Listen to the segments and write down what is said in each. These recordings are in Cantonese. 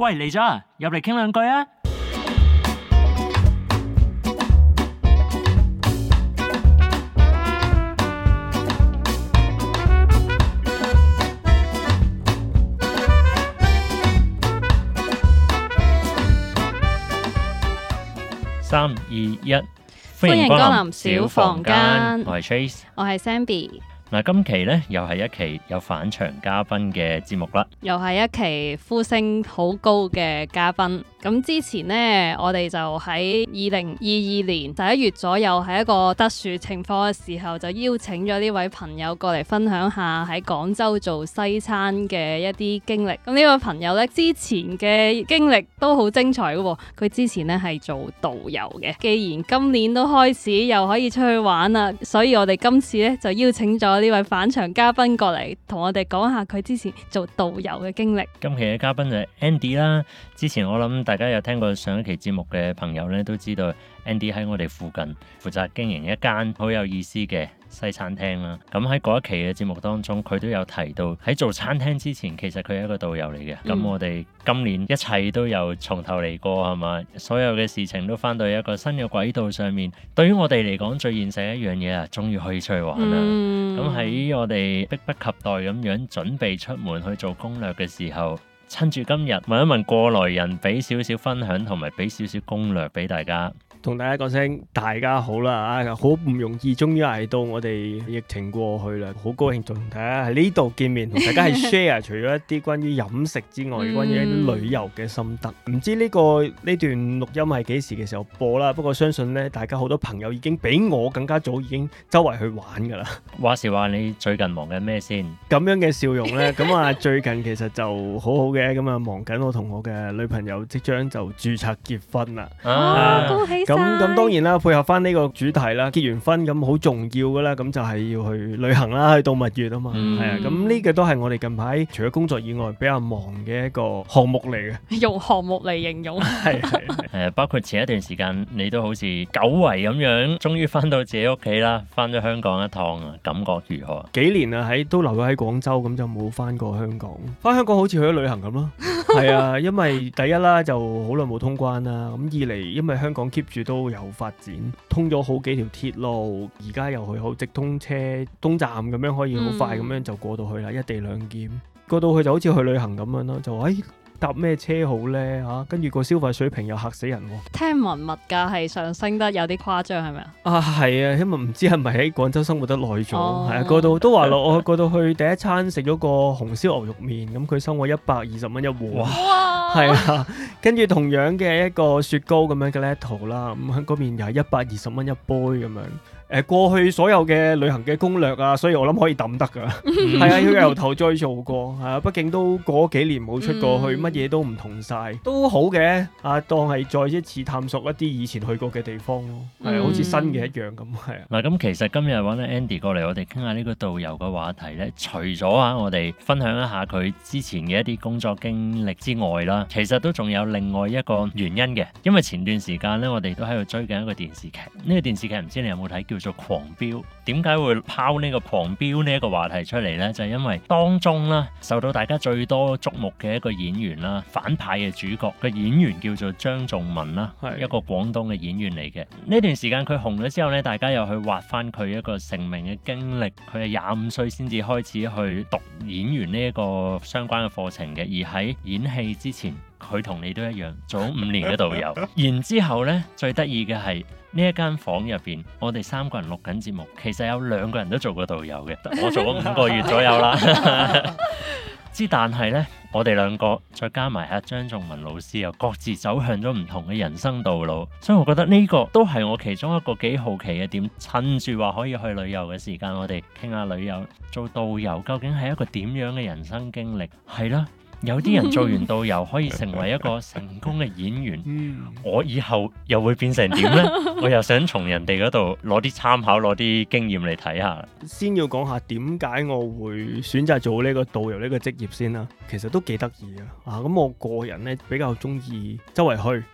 喂，嚟咗啊！入嚟傾兩句啊！三二一，歡迎光臨小房間。我係 Trace，我係 Zenbi。今期呢又係一期有返場嘉賓嘅節目啦，又係一期呼聲好高嘅嘉賓。咁之前呢，我哋就喺二零二二年十一月左右，係一個特殊情況嘅時候，就邀請咗呢位朋友過嚟分享下喺廣州做西餐嘅一啲經歷。咁呢位朋友呢，之前嘅經歷都好精彩嘅喎。佢之前呢，係做導遊嘅。既然今年都開始又可以出去玩啦，所以我哋今次呢，就邀請咗呢位返場嘉賓過嚟，同我哋講下佢之前做導遊嘅經歷。今期嘅嘉賓就係 Andy 啦。之前我諗。大家有聽過上一期節目嘅朋友咧，都知道 Andy 喺我哋附近負責經營一間好有意思嘅西餐廳啦。咁喺嗰一期嘅節目當中，佢都有提到喺做餐廳之前，其實佢係一個導遊嚟嘅。咁我哋今年一切都有從頭嚟過，係嘛？所有嘅事情都返到一個新嘅軌道上面。對於我哋嚟講，最現實一樣嘢啊，終於可以出去玩啦！咁喺、嗯、我哋迫不及待咁樣準備出門去做攻略嘅時候。趁住今日，問一問過來人，俾少少分享同埋俾少少攻略俾大家。同大家講聲大家好啦吓，好、啊、唔容易，終於捱到我哋疫情過去啦，好高興同大家喺呢度見面，同大家係 share 除咗一啲關於飲食之外，關於一啲旅遊嘅心得。唔知呢、呢個呢段錄音係幾時嘅時候播啦？不過相信呢大家好多朋友已經比我更加早，已經周圍去玩噶啦。話時話你最近忙緊咩先？咁樣嘅笑容呢？咁 啊最近其實就好好嘅，咁啊忙緊我同我嘅女朋友即將就註冊結婚啦。哇、啊，恭喜！咁咁當然啦，配合翻呢個主題啦，結完婚咁好重要㗎啦，咁就係要去旅行啦，去度蜜月啊嘛，係、嗯、啊，咁呢個都係我哋近排除咗工作以外比較忙嘅一個項目嚟嘅，用項目嚟形容係係係， 包括前一段時間你都好似久違咁樣，終於翻到自己屋企啦，翻咗香港一趟啊，感覺如何？幾年啊喺都留咗喺廣州，咁就冇翻過香港，翻香港好似去咗旅行咁咯，係 啊，因為第一啦就好耐冇通關啦，咁二嚟因，因為香港 keep 都有發展，通咗好幾條鐵路，而家又去好直通車東站咁樣，可以好快咁樣就過到去啦，嗯、一地兩檢過到去就好似去旅行咁樣咯，就誒。哎搭咩車好呢？嚇、啊？跟住個消費水平又嚇死人喎、啊！聽聞物價係上升得有啲誇張，係咪啊？啊係啊，因為唔知係咪喺廣州生活得耐咗，係、哦、啊，過到都話落我過到去第一餐食咗個紅燒牛肉麵，咁、嗯、佢收我一百二十蚊一碗，係哇啊，哇跟住同樣嘅一個雪糕咁樣嘅 latte 啦，咁喺嗰邊又係一百二十蚊一杯咁樣。誒過去所有嘅旅行嘅攻略啊，所以我諗可以抌得㗎，係啊，要由頭再做過，係啊，畢竟都過幾年冇出過去，乜嘢都唔同晒，都好嘅，啊當係再一次探索一啲以前去過嘅地方咯，係 好似新嘅一樣咁，係啊。嗱咁、嗯、 其實今日搵咗咧，Andy 過嚟我哋傾下呢個導遊嘅話題咧，除咗啊我哋分享一下佢之前嘅一啲工作經歷之外啦，其實都仲有另外一個原因嘅，因為前段時間咧我哋都喺度追緊一個電視劇，呢、呢個電視劇唔知你有冇睇叫？叫做狂飆，點解會拋呢個狂飆呢一個話題出嚟咧？就係、是、因為當中啦，受到大家最多矚目嘅一個演員啦，反派嘅主角個演員叫做張頌文啦，係是一個廣東嘅演員嚟嘅。呢段時間佢紅咗之後咧，大家又去挖翻，佢一個成名嘅經歷佢係廿五歲先至開始去讀演員呢一個相關嘅課程嘅，而喺演戲之前。佢同你都一樣做五年嘅導遊，然之後呢，最得意嘅係呢一間房入邊，我哋三個人錄緊節目，其實有兩個人都做過導遊嘅，我做咗五個月左右啦。之 但係呢，我哋兩個再加埋阿張頌文老師，又各自走向咗唔同嘅人生道路，所以我覺得呢個都係我其中一個幾好奇嘅點。趁住話可以去旅遊嘅時間，我哋傾下旅遊做導遊究竟係一個點樣嘅人生經歷，係啦。有啲人做完導遊可以成為一個成功嘅演員，嗯、我以後又會變成點呢？我又想從人哋嗰度攞啲參考，攞啲經驗嚟睇下。先要講下點解我會選擇做呢個導遊呢、呢個職業先啦。其實都幾得意啊！啊，咁我個人呢，比較中意周圍去，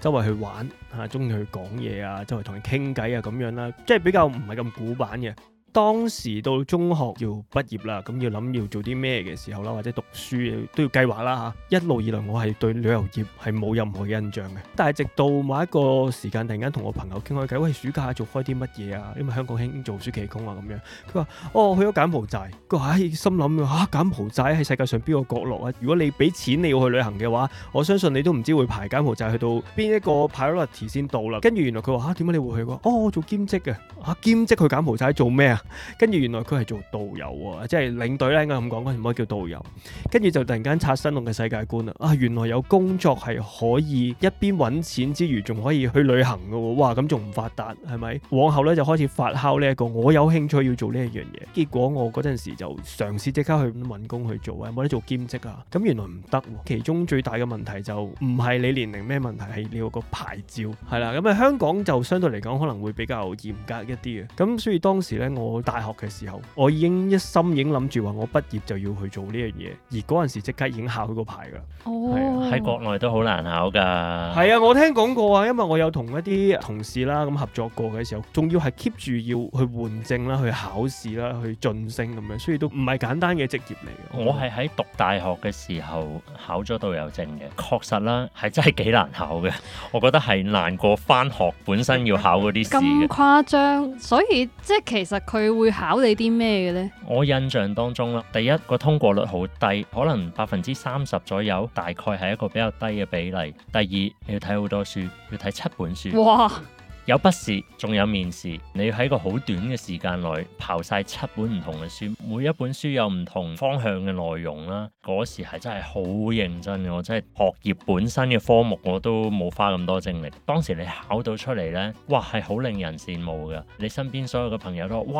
周圍去玩嚇，中意去講嘢啊，周圍同人傾偈啊咁樣啦，即係比較唔係咁古板嘅。當時到中學要畢業啦，咁要諗要做啲咩嘅時候啦，或者讀書都要計劃啦嚇。一路以來我係對旅遊業係冇任何嘅印象嘅，但係直到某一個時間突然間同我朋友傾開偈，喂暑假、啊、做開啲乜嘢啊？因為香港興做暑期工啊咁樣。佢話：哦去咗柬埔寨。佢話：唉、哎、心諗嚇、啊、柬埔寨喺世界上邊個角落啊？如果你俾錢你要去旅行嘅話，我相信你都唔知會排柬埔寨去到邊一個 priority 先到啦、啊。跟住原來佢話嚇點解你會去？哦我哦做兼職啊嚇、啊、兼職去，去柬埔寨做咩啊？跟住原來佢係做導遊啊，即係領隊咧，應該咁講唔可以叫導遊。跟住就突然間刷新我嘅世界觀啦！啊，原來有工作係可以一邊揾錢之餘，仲可以去旅行噶喎！哇，咁仲唔發達係咪？往後咧就開始發酵呢一個我有興趣要做呢一樣嘢。結果我嗰陣時就嘗試即刻去揾工去做啊，有冇得做兼職啊？咁、嗯、原來唔得，其中最大嘅問題就唔係你年齡咩問題，係你個牌照係啦。咁喺香港就相對嚟講可能會比較嚴格一啲嘅，咁所以當時呢。我。我大學嘅時候，我已經一心已經諗住話我畢業就要去做呢樣嘢，而嗰陣時即刻已經考佢個牌噶。哦、oh. 啊，喺國內都好難考噶。係啊，我聽講過啊，因為我有同一啲同事啦咁合作過嘅時候，仲要係 keep 住要去換證啦、去考試啦、去晉升咁樣，所以都唔係簡單嘅職業嚟嘅。Oh. 我係喺讀大學嘅時候考咗導遊證嘅，確實啦，係真係幾難考嘅。我覺得係難過翻學本身要考嗰啲。咁誇張，所以即係其實佢。佢會考你啲咩嘅呢？我印象當中啦，第一個通過率好低，可能百分之三十左右，大概係一個比較低嘅比例。第二，你要睇好多書，要睇七本書。哇！有筆試，仲有面試，你要喺個好短嘅時間內刨晒七本唔同嘅書，每一本書有唔同方向嘅內容啦。嗰時係真係好認真嘅，我真係學業本身嘅科目我都冇花咁多精力。當時你考到出嚟呢，哇係好令人羨慕噶。你身邊所有嘅朋友都話，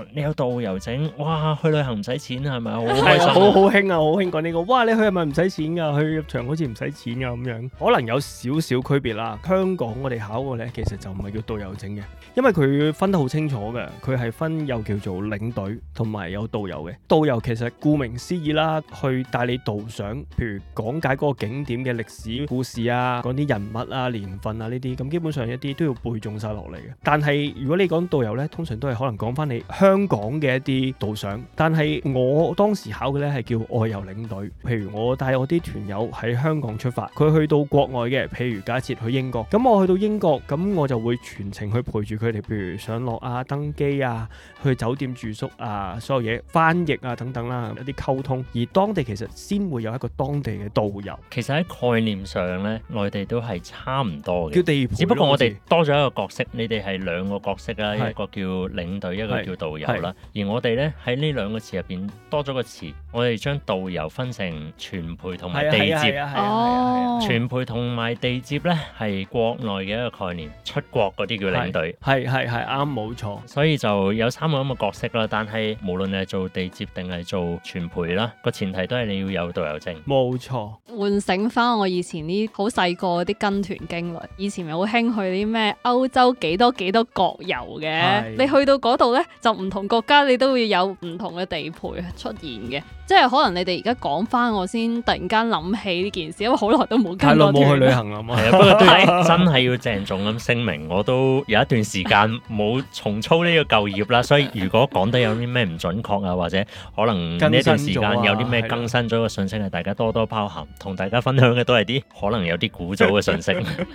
哇你有導遊證，哇去旅行唔使錢係咪？好開心。啊， 好興啊，好興講呢個。哇你去係咪唔使錢噶？去入場好似唔使錢噶咁樣，可能有少少區別啦。香港我哋考過呢，其實就唔係叫導遊證嘅，因為佢分得好清楚嘅，佢係分又叫做領隊同埋有導遊嘅。導遊其實顧名思義啦，去帶你導賞，譬如講解嗰個景點嘅歷史故事啊，講啲人物啊、年份啊呢啲。咁基本上一啲都要背誦晒落嚟嘅。但係如果你講導遊咧，通常都係可能講翻你香港嘅一啲導賞，但係我當時考嘅咧係叫外遊領隊，譬如我帶我啲團友喺香港出發，佢去到國外嘅，譬如假設去英國，咁我去到英國，咁我就會。去全程去陪住佢哋，譬如上落啊、登機啊、去酒店住宿啊、所有嘢、翻譯啊等等啦、啊，一啲溝通，而當地其實先會有一個當地嘅導遊，其實喺概念上咧，內地都係差唔多嘅，叫地接。只不過我哋多咗一個角色，像你哋係兩個角色啦，是一個叫領隊，一個叫導遊啦。而我哋咧喺呢兩個詞入邊多咗個詞，我哋將導遊分成全陪同埋地接。哦、啊，啊啊啊啊啊、全陪同埋地接咧係國內嘅一個概念，出國。嗰啲叫領隊，係係係啱，冇錯。所以就有三個咁嘅角色啦。但係無論你係做地接定係做全陪啦，個前提都係你要有導遊證。冇錯。喚醒翻我以前啲好細個啲跟團經歷。以前咪好興去啲咩歐洲幾多幾多國遊嘅。是你去到嗰度呢，就唔同國家你都會有唔同嘅地陪出現嘅。即係可能你哋而家講翻，我先突然間諗起呢件事，因為好耐都冇跟過團對。冇去旅行啦嘛。不過，真係要鄭重咁聲明。我都有一段時間冇重操呢個舊業啦，所以如果講得有啲咩唔準確啊，或者可能呢一段時間有啲咩更新咗嘅信息咧，大家多多包涵，同大家分享嘅都係啲可能有啲古早嘅信息。 And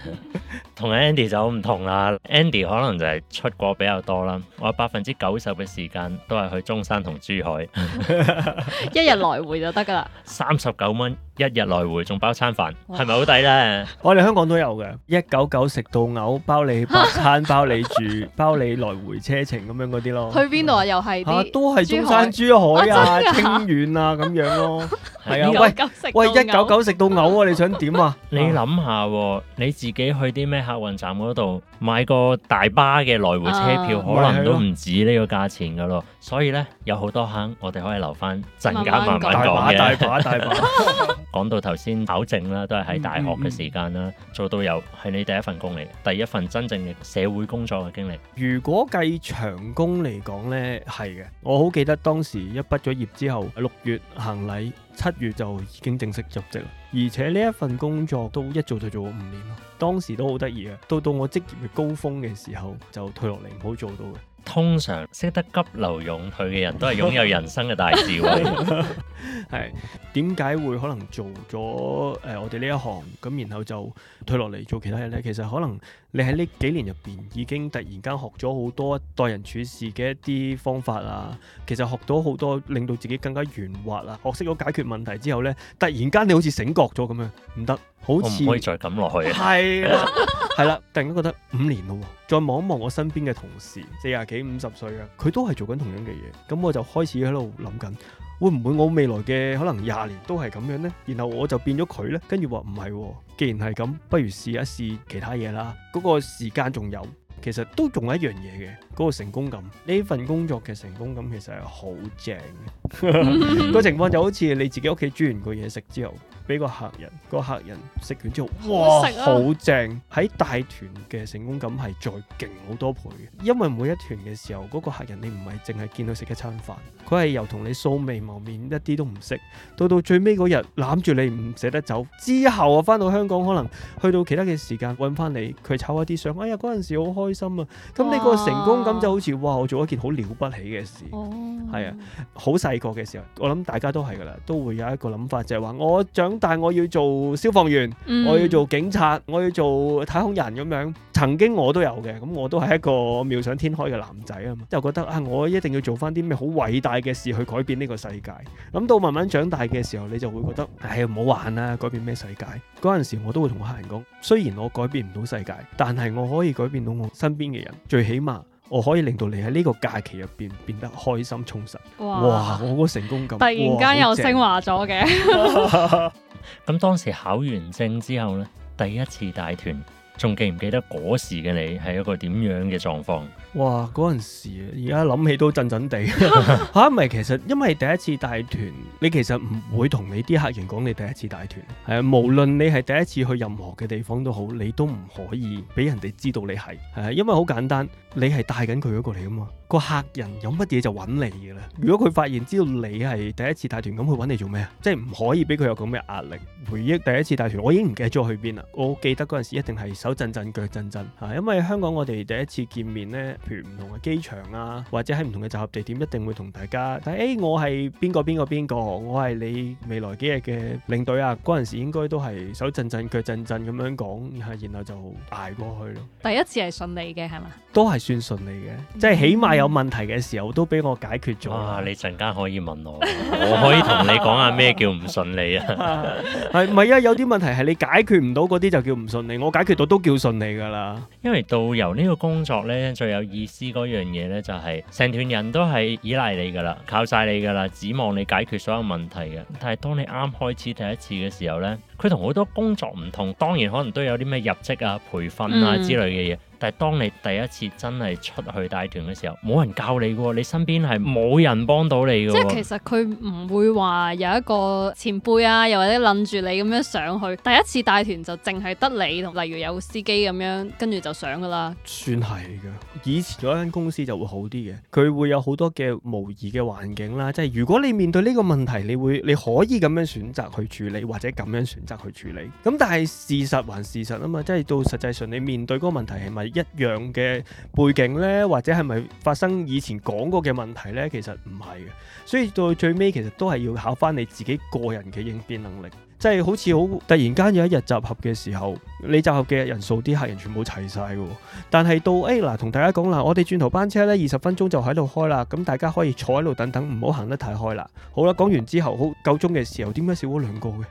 同 Andy 就唔同啦，Andy 可能就係出國比較多啦，我有百分之九十嘅時間都係去中山同珠海，一日來回就得噶啦，三十九蚊。一日來回仲包餐飯，係咪好抵呢？是是我哋香港都有嘅，一九九食到嘔，包你食餐，包你住， 包你來回車程咁樣嗰啲咯。去邊度啊？又係啊都係中山、珠海啊、啊清遠啊咁樣咯。 係啊！喂喂，一九九食到嘔啊！你想點啊？你諗下，你自己去啲咩客運站嗰度買個大巴嘅來回車票，可能都唔止呢個價錢噶咯。所以呢，有好多坑，我哋可以留翻，陣間慢慢講嘅。大把大把大把，講到頭先考證啦，都係喺大學嘅時間啦，做到有係你第一份工嚟，第一份真正嘅社會工作嘅經歷。如果計長工嚟講呢，係嘅。我好記得當時一畢咗業之後，六月行禮。七月就已經正式入職，而且呢一份工作都一做就做咗五年咯。當時都好得意嘅，到到我職業嘅高峰嘅時候就退落嚟唔好做到嘅。通常識得急流勇退嘅人都係擁有人生嘅大智慧。 係點解會可能做咗誒、呃、我哋呢一行咁，然後就退落嚟做其他嘢呢？其實可能你喺呢幾年入邊已經突然間學咗好多待人處事嘅一啲方法啊，其實學到好多令到自己更加圓滑啊，學識咗解決問題之後呢，突然間你好似醒覺咗咁樣，唔得。好似唔可以再咁落去啊！係啦，係啦，突然間覺得五年咯，再望一望我身邊嘅同事，四十幾、五十歲啊，佢都係做緊同樣嘅嘢，咁我就開始喺度諗緊，會唔會我未來嘅可能廿年都係咁樣呢？然後我就變咗佢呢。跟住話唔係，既然係咁，不如試一試其他嘢啦。嗰個時間仲有，其實都仲係一樣嘢嘅，嗰個成功感，呢份工作嘅成功感其實係好正嘅。個情況就好似你自己屋企煮完個嘢食之後，俾個客人，個客人食完之後，哇，好、啊、正！喺大團嘅成功感係再勁好多倍，因為每一團嘅時候，嗰個客人你唔係淨係見佢食一餐飯，佢係由同你素未謀面，一啲都唔識。到到最尾嗰日攬住你唔捨得走，之後啊翻到香港，可能去到其他嘅時間揾翻你，佢摷一啲相，哎呀嗰陣時好開心啊！咁你個成功感就好似哇，哇，我做一件好了不起嘅事，係、哦、啊，好細個嘅時候，我諗大家都係㗎喇，都會有一個諗法，就係話我長但係我要做消防員，嗯、我要做警察，我要做太空人咁樣。曾經我都有嘅，咁我都係一個妙想天開嘅男仔啊嘛，就覺得啊，我一定要做翻啲咩好偉大嘅事去改變呢個世界。諗、嗯、到慢慢長大嘅時候，你就會覺得，唉、哎，唔好玩啦，改變咩世界？嗰陣時我都會同客人講，雖然我改變唔到世界，但係我可以改變到我身邊嘅人，最起碼我可以令到你喺呢個假期入邊變得開心充實。哇，哇，我個成功感突然間哇又升華咗嘅。哇 咁當時考完證之後呢，第一次帶團，仲記唔記得嗰時嘅你係一個點樣嘅狀況？哇！嗰陣時而家諗起都震震地吓，唔係、 啊、其實因為第一次帶團，你其實唔會同你啲客人講你第一次帶團係啊。無論你係第一次去任何嘅地方都好，你都唔可以俾人哋知道你係係，因為好簡單，你係帶緊佢過嚟啊嘛。個客人有乜嘢就揾你嘅啦。如果佢發現知道你係第一次帶團，咁佢揾你做咩啊？即係唔可以俾佢有咁嘅壓力。回憶第一次帶團，我已經唔記得咗去邊啦。我記得嗰陣時一定係手震震、腳震震嚇，因為香港我哋第一次見面呢，譬如唔同嘅機場啊，或者喺唔同嘅集合地點，一定會同大家睇。誒、哎，我係邊個邊個邊個？我係你未來幾日嘅領隊啊！嗰陣時應該都係手震震、腳震震咁樣講，然後就捱過去咯。第一次係順利嘅係嘛？都係算順利嘅，嗯、即係起碼。有問題嘅時候都俾我解決咗。哇！你陣間可以問我， 我可以同你講下咩叫唔順利啊？係唔係啊？有啲問題係你解決唔到嗰啲就叫唔順利，我解決到都叫順利㗎啦。因為導遊呢個工作呢，最有意思嗰樣嘢呢、就係，就係成團人都係依賴你㗎啦，靠晒你㗎啦，指望你解決所有問題嘅。但係當你啱開始第一次嘅時候呢，佢同好多工作唔同，當然可能都有啲咩入職啊、培訓啊之類嘅嘢。嗯但係當你第一次真係出去帶團嘅時候，冇人教你嘅喎，你身邊係冇人幫到你喎。即係其實佢唔會話有一個前輩啊，又或者諗住你咁樣上去。第一次帶團就淨係得你，例如有司機咁樣跟住就上㗎啦。算係嘅，以前嗰間公司就會好啲嘅，佢會有好多嘅模擬嘅環境啦。即係如果你面對呢個問題，你會你可以咁樣選擇去處理，或者咁樣選擇去處理。咁但係事實還事實啊嘛，即係到實際上你面對嗰個問題係咪？一樣嘅背景咧，或者係咪發生以前講過嘅問題咧？其實唔係嘅，所以到最尾其實都係要考翻你自己個人嘅應變能力。即係好似好突然間有一日集合嘅時候，你集合嘅人數啲客人全部齊晒嘅。但係到誒嗱，同、哎啊、大家講啦、啊，我哋轉頭班車呢，二十分鐘就喺度開啦。咁大家可以坐喺度等等，唔好行得太開啦。好啦，講完之後好夠鐘嘅時候，點解少咗兩個嘅？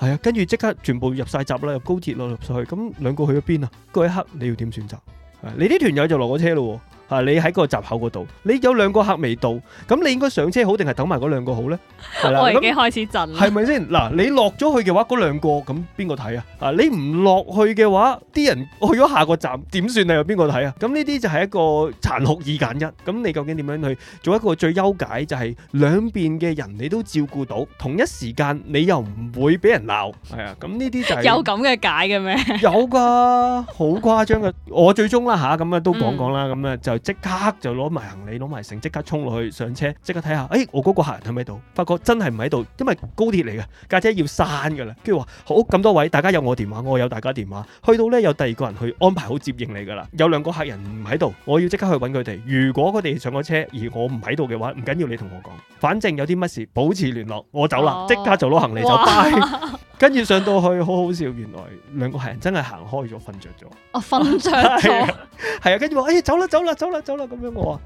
係 啊，跟住即刻全部入晒閘啦，入高鐵落入曬去。咁兩個去咗邊啊？嗰一刻你要點選擇，啊？你啲團友就落咗車咯，啊。啊！你喺個閘口嗰度，你有兩個客未到，咁你應該上車好定係等埋嗰兩個好呢？係啦，我已經開始震啦。係咪先嗱？你落咗去嘅話，嗰兩個咁邊個睇啊？啊！你唔落去嘅話，啲人去咗下個站點算啊？邊個睇啊？咁呢啲就係一個殘酷二選一。咁你究竟點樣去做一個最優解？就係兩邊嘅人你都照顧到，同一時間你又唔會俾人鬧。係啊，咁呢啲就係有咁嘅解嘅咩？有㗎，好誇張嘅。我最終啦嚇，咁啊都講講啦，咁啊就。即刻就攞埋行李，攞埋剩，即刻衝落去上車。即刻睇下，誒、欸，我嗰個客人喺唔喺度？發覺真係唔喺度，因為高鐵嚟嘅架車要散嘅啦。跟住話，好，咁多位，大家有我電話，我有大家電話。去到呢，有第二個人去安排好接應你噶啦。有兩個客人唔喺度，我要即刻去揾佢哋。如果佢哋上咗車而我唔喺度嘅話，唔緊要，你同我講。反正有啲乜事保持聯絡。我走啦，即刻就攞行李走。跟住上到去好好笑，原來兩個客人真係行開咗，瞓着咗。我瞓着咗，係啊。跟住話，誒、欸，走啦，走啦，走。走啦，走啦，咁樣我話，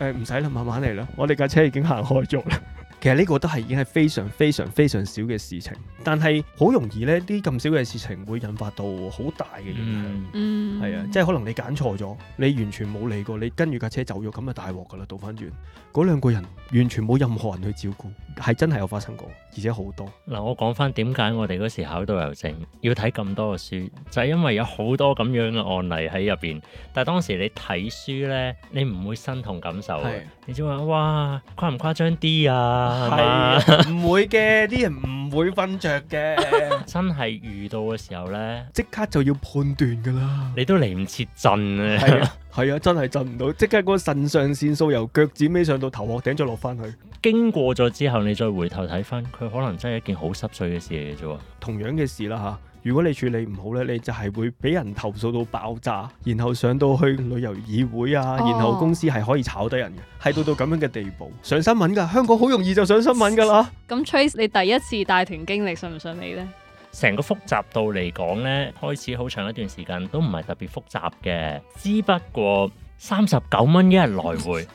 誒、欸，唔使啦，慢慢嚟啦，我哋架車已經行開咗啦。 其實呢個都係已經係非常非常非常少嘅事情，但係好容易呢啲咁少嘅事情會引發到好大嘅影響，係啊、嗯，嗯、即係可能你揀錯咗，你完全冇理過，你跟住架車走咗，咁啊大鑊㗎啦，倒翻轉嗰兩個人完全冇任何人去照顧，係真係有發生過，而且好多。嗱、嗯，我講翻點解我哋嗰時考導遊證要睇咁多嘅書，就係、是、因為有好多咁樣嘅案例喺入邊，但係當時你睇書呢，你唔會身同感受是你只係話哇誇唔誇張啲啊？係唔會嘅，啲人唔會瞓着嘅。 真係遇到嘅時候呢，即刻就要判斷噶啦。你都嚟唔切震啊！係 啊，真係震唔到，即刻個腎上腺素由腳趾尾上到頭殼頂，再落翻去。經過咗之後，你再回頭睇翻，佢可能真係一件好濕碎嘅事嚟嘅啫。同樣嘅事啦，吓。如果你處理唔好呢，你就係會俾人投訴到爆炸，然後上到去旅遊議會啊，然後公司係可以炒低人嘅，係到到咁樣嘅地步上新聞噶。香港好容易就上新聞噶啦。咁 Trace，你第一次帶團經歷信唔信你呢？成個複雜度嚟講呢，開始好長一段時間都唔係特別複雜嘅，只不過三十九蚊一日來回，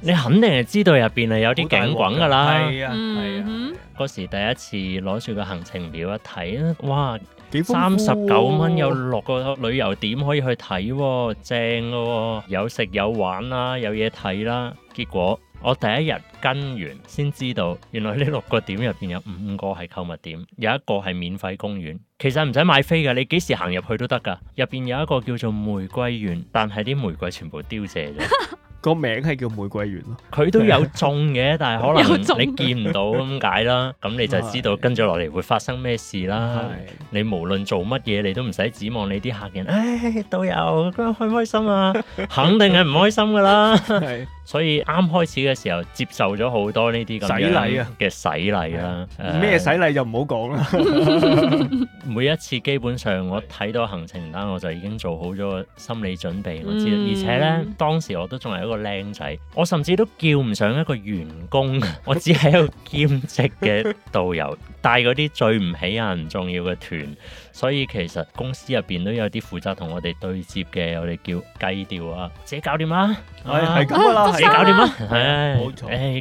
你肯定係知道入邊係有啲景滾噶啦。係啊，係啊。嗰時第一次攞住個行程表一睇咧，哇，三十九蚊有六個旅遊點可以去睇喎，哦，正咯，哦，有食有玩啦，啊，有嘢睇啦。結果我第一日跟完先知道，原來呢六個點入邊有五個係購物點，有一個係免費公園，其實唔使買飛㗎，你幾時行入去都得噶。入邊有一個叫做玫瑰園，但係啲玫瑰全部凋謝咗。 個名係叫玫瑰園咯，佢都有種嘅， 但係可能你見唔到咁解啦。咁 你就知道跟住落嚟會發生咩事啦。 你無論做乜嘢，你都唔使指望你啲客人。唉、哎，導遊今日開唔開心啊？ 肯定係唔開心噶啦。 所以啱開始嘅時候，接受咗好多呢啲咁嘅洗禮。啊嘅洗禮啦。咩洗禮、啊啊、就唔好講啦。 每一次基本上，我睇到行程單，我就已經做好咗心理準備。我知道，嗯、而且呢，當時我都仲係一個靚仔，我甚至都叫唔上一個員工，我只係一個兼職嘅導遊， 帶嗰啲最唔起眼唔重要嘅團。所以其實公司入邊都有啲負責同我哋對接嘅，我哋叫計調啊，自己搞掂啦。係係咁啦，自己搞掂啦。係，冇錯，誒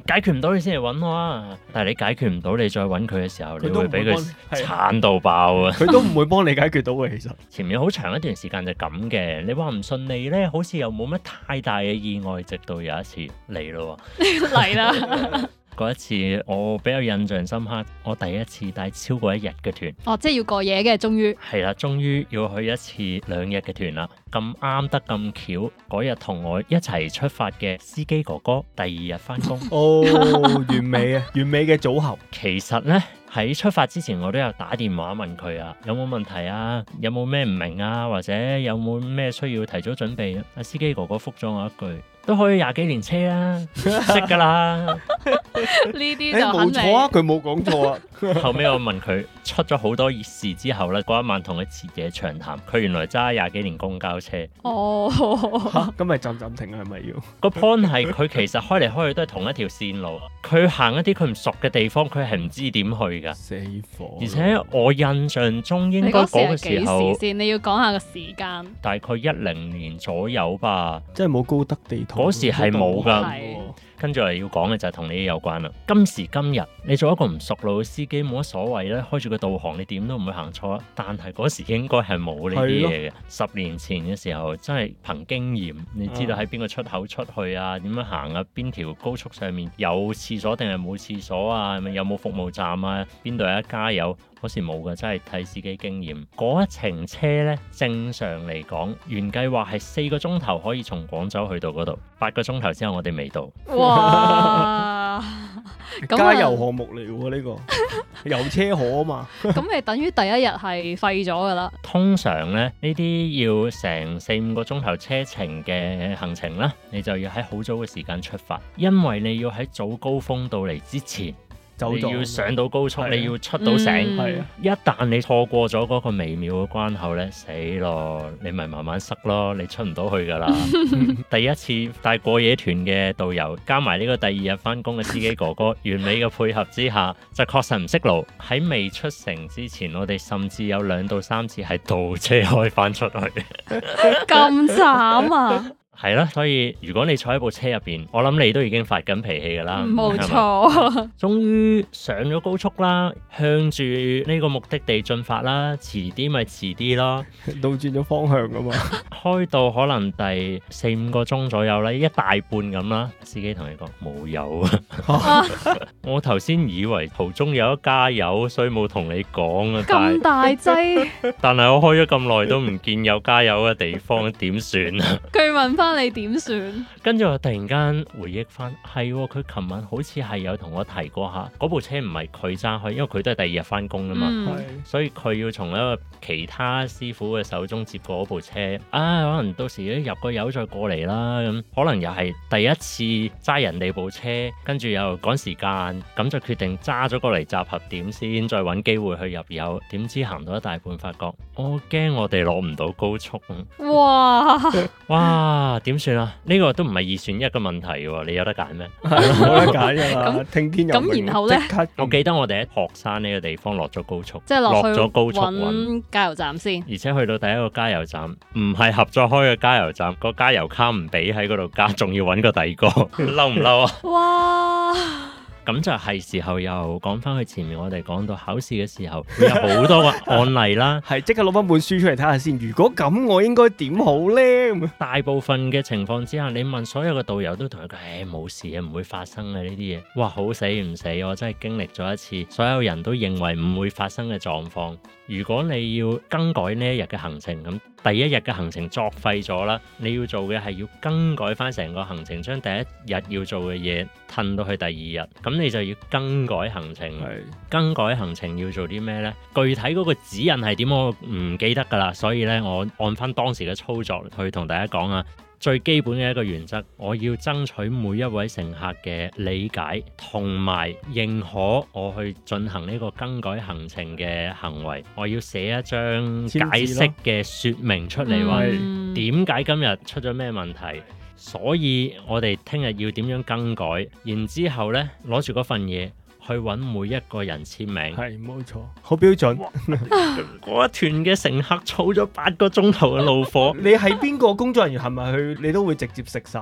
解決唔到你先嚟揾我啊。但係你解決唔到你再揾佢嘅時候，會你會俾佢慘到爆啊。佢都唔會幫你解決到嘅， 其實前面好長一段時間就咁嘅。你話唔順利咧，好似又冇乜太大嘅意外，直到有一次嚟咯，嚟啦。嗰一次我比較印象深刻，我第一次帶超過一日嘅團，哦，即係要過夜嘅，終於係啦，終於要去一次兩日嘅團啦。咁啱得咁巧，嗰日同我一齊出發嘅司機哥哥，第二日翻工， 哦，完美啊，完美嘅組合。 其實呢，喺出發之前，我都有打電話問佢啊，有冇問題啊，有冇咩唔明啊，或者有冇咩需要提早準備啊？司機哥哥哥覆咗我一句。都可以廿幾年車啊，識㗎啦，呢啲 就肯定冇、 欸、錯啊！佢冇講錯啊！ 後尾我問佢出咗好多事之後咧，嗰一晚同佢徹夜長談，佢原來揸廿幾年公交車哦，咁咪暫暫停係咪要 個 point 係佢其實開嚟開去都係同一條線路，佢行一啲佢唔熟嘅地方，佢係唔知點去㗎。死火！而且我印象中應該講嘅時，時候，你要講下個時間，大概一零年左右吧， 即係冇高德地圖。嗰時係冇㗎。跟住我要講嘅就係同你有關啦。今時今日，你做一個唔熟路嘅司機冇乜所謂啦，開住個導航，你點都唔會行錯。但係嗰時應該係冇呢啲嘢嘅。的十年前嘅時候，真係憑經驗，你知道喺邊個出口出去啊？點樣行啊？邊條高速上面有廁所定係冇廁所啊？有冇服務站啊？邊度有一加油？嗰時冇嘅，真係睇司機經驗。嗰一程車呢，正常嚟講，原計劃係四個鐘頭可以從廣州去到嗰度，八個鐘頭之後我哋未到。咁、嗯、加油項目嚟嘅呢個，遊 車河啊嘛，咁 你等於第一日係廢咗㗎喇。通常咧，呢啲要成四五個鐘頭車程嘅行程啦，你就要喺好早嘅時間出發，因為你要喺早高峰到嚟之前，就要上到高速，的你要出到城，嗯、一旦你錯過咗嗰個微妙嘅關口咧，死咯！你咪慢慢塞咯，你出唔到去㗎啦。 第一次帶過夜團嘅導遊，加埋呢個第二日翻工嘅司機哥哥， 完美嘅配合之下，就確實唔識路。喺未出城之前，我哋甚至有兩到三次係倒車開翻出去。咁慘 啊！係啦、 啊，所以如果你坐喺部車入邊，我諗你都已經發緊脾氣噶啦。冇錯沒錯， 終於上咗高速啦，向住呢個目的地進發啦。遲啲咪遲啲咯，倒轉咗方向㗎嘛！ 開到可能第四五個鐘左右啦，一大半咁啦。 司機同你講冇油啊，有 我頭先以為途中有得加油，所以冇同你講啊。咁大劑，但係 我開咗咁耐都唔見有加油嘅地方，點算啊？居民花。你點算？跟住我突然間回憶翻，係喎，佢琴晚好似係有同我提過吓，嗰部車唔係佢揸去，因為佢都係第二日翻工㗎嘛，嗯、是所以佢要從一個其他師傅嘅手中接過嗰部車啊，可能到時入個油再過嚟啦。咁、嗯、可能又係第一次揸人哋部車，跟住又趕時間，咁就決定揸咗過嚟集合點先，再搵機會去入油。點知行到一大半，發覺我驚我哋攞唔到高速哇哇！ 哇點算啊？呢個都唔係二選一嘅問題喎，你有得揀咩？係冇得揀嘅啦。咁聽天由命。咁 然後呢？我記得我哋喺鶴山呢個地方落咗高速，即係落咗高速搵加油站先。而且去到第一個加油站唔係合作開嘅加油站，個加油卡唔俾喺嗰度加，仲 要揾個第二個，嬲唔嬲啊？哇！咁就係時候又講翻去前面，我哋講到考試嘅時候，有好多個案例啦。係即 刻攞翻本書出嚟睇下先。如果咁，我應該點好咧？大部分嘅情況之下，你問所有嘅導遊都同佢講，誒、哎，冇事嘅，唔會發生嘅呢啲嘢。哇，好死唔死！我真係經歷咗一次，所有人都認為唔會發生嘅狀況。如果你要更改呢一日嘅行程咁。第一日嘅行程作廢咗啦，你要做嘅係要更改翻成個行程，將第一日要做嘅嘢褪到去第二日，咁你就要更改行程。的更改行程要做啲咩呢？具體嗰個指引係點我唔記得噶啦，所以呢，我按翻當時嘅操作去同大家講啊。最基本嘅一個原則，我要爭取每一位乘客嘅理解同埋認可，我去進行呢個更改行程嘅行為，我要寫一張解釋嘅說明出嚟，話點解今日出咗咩問題，嗯、所以我哋聽日要點樣更改。然之後咧，攞住嗰份嘢。去揾每一個人簽名，係冇錯，好標準。嗰一團嘅乘客儲咗八個鐘頭嘅怒火， 你係邊個工作人員是是，係咪去你都會直接食晒，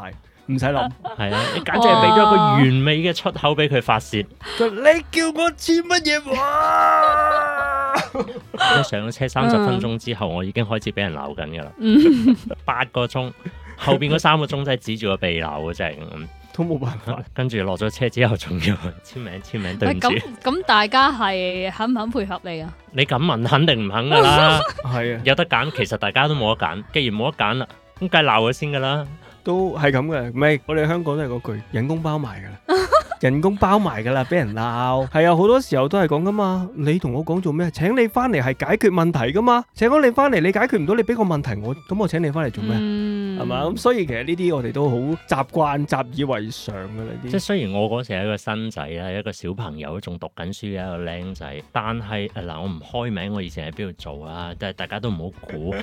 唔使諗。係啊，你簡直係俾咗一個完美嘅出口俾佢發泄哇。你叫我簽乜嘢話？我 上咗車三十分鐘之後，我已經開始俾人鬧緊噶啦。八個鐘後邊嗰三個鐘真係指住個鼻鬧，真係都冇辦法， 跟住落咗車之後，仲要簽名簽名對唔住。咁咁、啊、大家係肯唔肯配合你啊？ 你敢問肯定唔肯㗎啦。係 啊，有得揀其實大家都冇得揀，既然冇得揀啦，咁梗係鬧佢先㗎啦。都係咁嘅，唔係我哋香港都係嗰句人工包埋㗎啦，人工包埋㗎啦，俾 人鬧係啊！好多時候都係講噶嘛，你同我講做咩？請你翻嚟係解決問題噶嘛？請我你翻嚟，你解決唔到，你俾個問題我，咁我請你翻嚟做咩？係嘛、嗯？咁所以其實呢啲我哋都好習慣，習以為常㗎啦。即係雖然我嗰時係一個新仔啦，一個小朋友，仲讀緊書嘅一個靚仔，但係嗱、呃，我唔開名，我以前喺邊度做啊？即係大家都唔好估。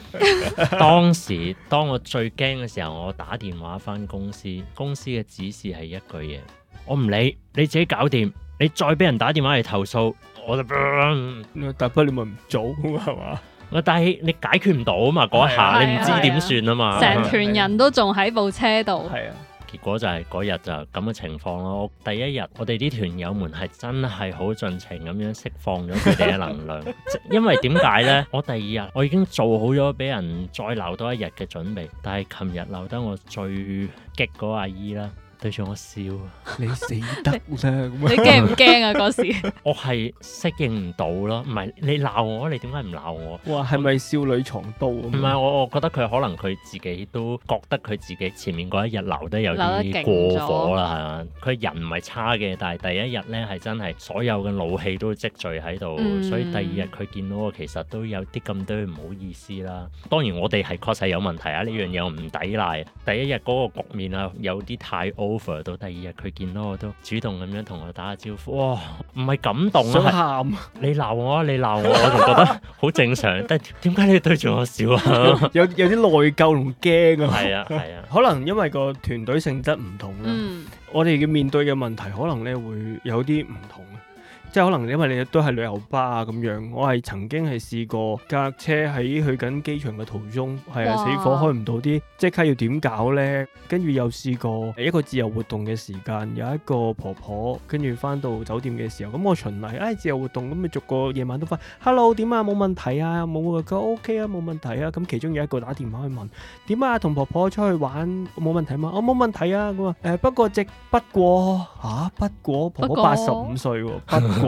當時當我最驚嘅時候，我打電電話翻公司，公司嘅指示係一句嘢，我唔理，你自己搞掂。你再俾人打電話嚟投訴，我就、呃、大不了咪唔做係嘛？但係你解決唔到啊嘛，嗰、啊、一下、啊、你唔知點算啊嘛，成、啊、團人都仲喺部車度。係啊。結果就係嗰日就咁嘅情況咯。第一日我哋啲團友們係真係好盡情咁樣釋放咗佢哋嘅能量， 因為點解呢？我第二日我已經做好咗俾人再留多一日嘅準備，但係琴日留得我最激嗰阿姨啦。對住我笑，啊， 你死得咧！ 你驚唔驚啊？嗰 時 我係適應唔到咯，唔係你鬧我，你點解唔鬧我？哇，係咪少女藏刀？唔係我，我，我覺得佢可能佢自己都覺得佢自己前面嗰一日鬧得有啲過火啦，係嘛？佢人唔係差嘅，但係第一日咧係真係所有嘅怒氣都積聚喺度，嗯、所以第二日佢見到我其實都有啲咁多唔好意思啦。當然我哋係確實有問題啊，呢樣嘢唔抵賴。第一日嗰個局面啊，有啲太 offer 到第二日，佢見到我都主動咁樣同我打下招呼，哇！唔係感動啊？喊你鬧我啊！你鬧我，我仲 覺得好正常。但係點解你要對住我笑， 啊？有有啲內疚同驚啊！係啊係啊， 可能因為個團隊性質唔同啦，嗯、我哋要面對嘅問題可能咧會有啲唔同。即係可能因為你都係旅遊巴啊咁樣，我係曾經係試過架車喺去緊機場嘅途中係啊死火哇開唔到啲，即刻要點搞咧？跟住又試過一個自由活動嘅時間，有一個婆婆跟住翻到酒店嘅時候，咁我循例誒、哎、自由活動咁咪逐個夜晚都翻。Hello 點啊？冇問題啊？冇啊？佢話 OK 啊？冇問題啊？咁其中有一個打電話去問點啊？同婆婆出去玩冇問題嘛？我冇、啊、問題啊！我話誒不過直不過嚇、啊、不過婆婆八十五歲喎、啊。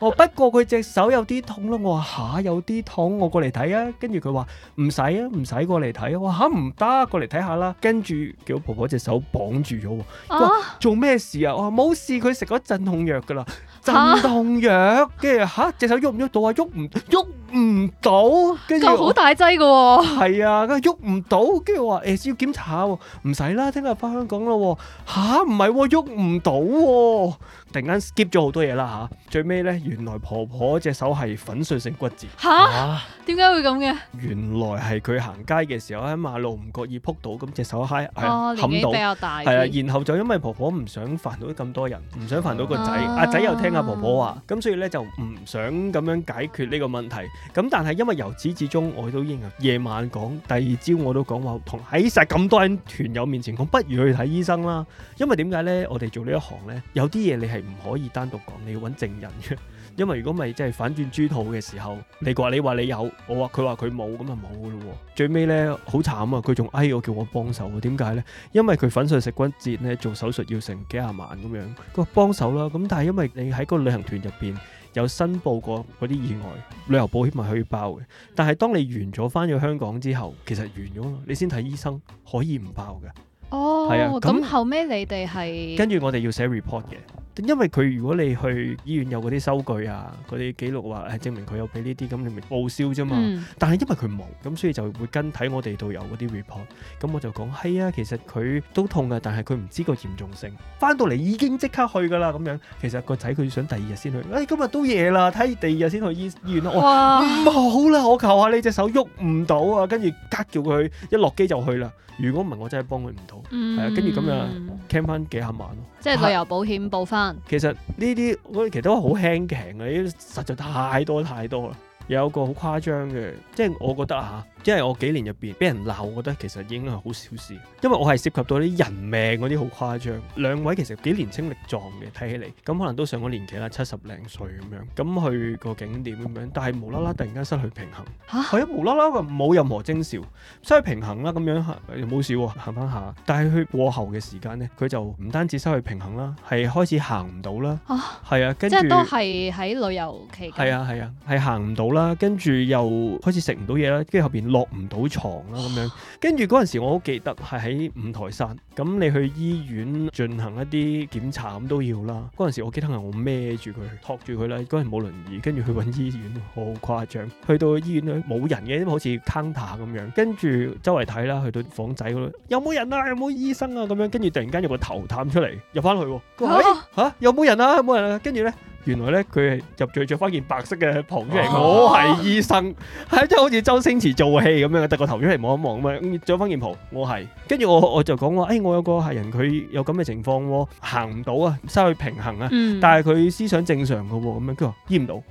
我不過佢隻手有啲痛咯，我話吓，有啲痛，我過嚟睇啊，跟住佢話唔使啊，唔使過嚟睇，我吓唔得過嚟睇下啦，跟住叫婆婆隻手綁住咗，話做咩事啊？我話冇事，佢食咗鎮痛藥噶啦，鎮痛藥，跟住吓隻手喐唔喐到啊？喐唔喐唔到，跟住好大劑噶，係啊，跟住喐唔到，跟住話誒要檢查下喎，唔使啦，聽日翻香港咯，吓唔係喎，喐唔到，突然間 skip 咗好多嘢啦。吓、啊，最尾咧，原來婆婆隻手係粉碎性骨折。吓蛤，點解、啊、會咁嘅？原來係佢行街嘅時候喺馬路唔覺意扑到，咁隻手揩冚到。哎哦、年紀比較大。係啊、哎，然後就因為婆婆唔想煩到咁多人，唔想煩到個仔，阿仔、啊啊、又聽阿婆婆話，咁所以咧就唔想咁樣解決呢個問題。咁但係因為由始至終我都應，夜晚講，第二朝我都講話同喺晒咁多人團友面前講，不如去睇醫生啦。因為點解咧？我哋做呢一行咧，有啲嘢你係唔可以單獨講，你揾證人嘅，因為如果咪即係反轉豬肚嘅時候，你話你話你有，我話佢話佢冇，咁就冇咯喎。最尾咧好慘啊，佢仲嗌我叫我幫手啊，點解咧？因為佢粉碎性骨折咧，做手術要成幾廿萬咁樣，佢話幫手啦。咁但係因為你喺個旅行團入邊有申報過嗰啲意外，旅遊保險咪可以包嘅。但係當你完咗翻咗香港之後，其實完咗你先睇醫生可以唔包嘅。哦，係啊，咁後尾你哋係跟住我哋要寫 report 嘅。因為佢如果你去醫院有嗰啲收據啊，嗰啲記錄話、啊、誒證明佢有俾呢啲，咁你咪報銷啫嘛。嗯、但係因為佢冇，咁所以就會跟睇我哋導遊嗰啲 report。咁我就講係啊，其實佢都痛啊，但係佢唔知個嚴重性。翻到嚟已經即刻去㗎啦，咁樣其實個仔佢想第二日先去。誒、哎、今日都夜啦，睇第二日先去醫醫院咯。哇！冇啦，我求下你隻手喐唔到啊，跟住隔叫佢一落機就去啦。如果唔係，我真係幫佢唔到。係啊、嗯，跟住咁樣 claim 翻幾下晚咯。即係旅遊保險報翻、啊。其實呢啲嗰其實都好輕頸嘅，呢啲實在太多太多啦。有個好誇張嘅，即係我覺得啊。因為我幾年入邊俾人鬧，我覺得其實已經係好小事。因為我係涉及到啲人命嗰啲好誇張。兩位其實幾年青力壯嘅，睇起嚟咁可能都上咗年紀啦，七十零歲咁樣，咁去個景點咁樣，但係無啦啦突然間失去平衡嚇，係啊、哎、無啦啦冇任何徵兆，失去平衡啦咁樣冇事行、啊、翻下，但係佢過後嘅時間呢，佢就唔單止失去平衡啦，係開始行唔到啦，係啊，啊，跟住都係喺旅遊期間係啊係啊，係行唔到啦，跟住又開始食唔到嘢啦，跟住後邊。.落唔到床啦咁樣，跟住嗰陣時我好記得係喺五台山，咁你去醫院進行一啲檢查咁都要啦。嗰陣時我記得係我孭住佢，托住佢啦。嗰陣冇輪椅，跟住去揾醫院好誇張。去到醫院咧冇人嘅，因為好似 counter 咁樣，跟住周圍睇啦，去到房仔嗰度有冇人啊？有冇醫生啊咁樣，跟住突然間有個頭探出嚟入翻去喎，嚇、啊哎啊、有冇人啊？有冇人啊？跟住咧。原來咧佢係入去着翻件白色嘅袍出嚟，oh、我係醫生，係即係好似周星馳做戲咁樣，突個頭出嚟望一望咁啊，着翻件袍，我係，跟住我我就講話，誒、哎，我有個客人佢有咁嘅情況喎，行唔到啊，失去平衡啊，mm. 但係佢思想正常噶喎，咁樣佢話醫唔到。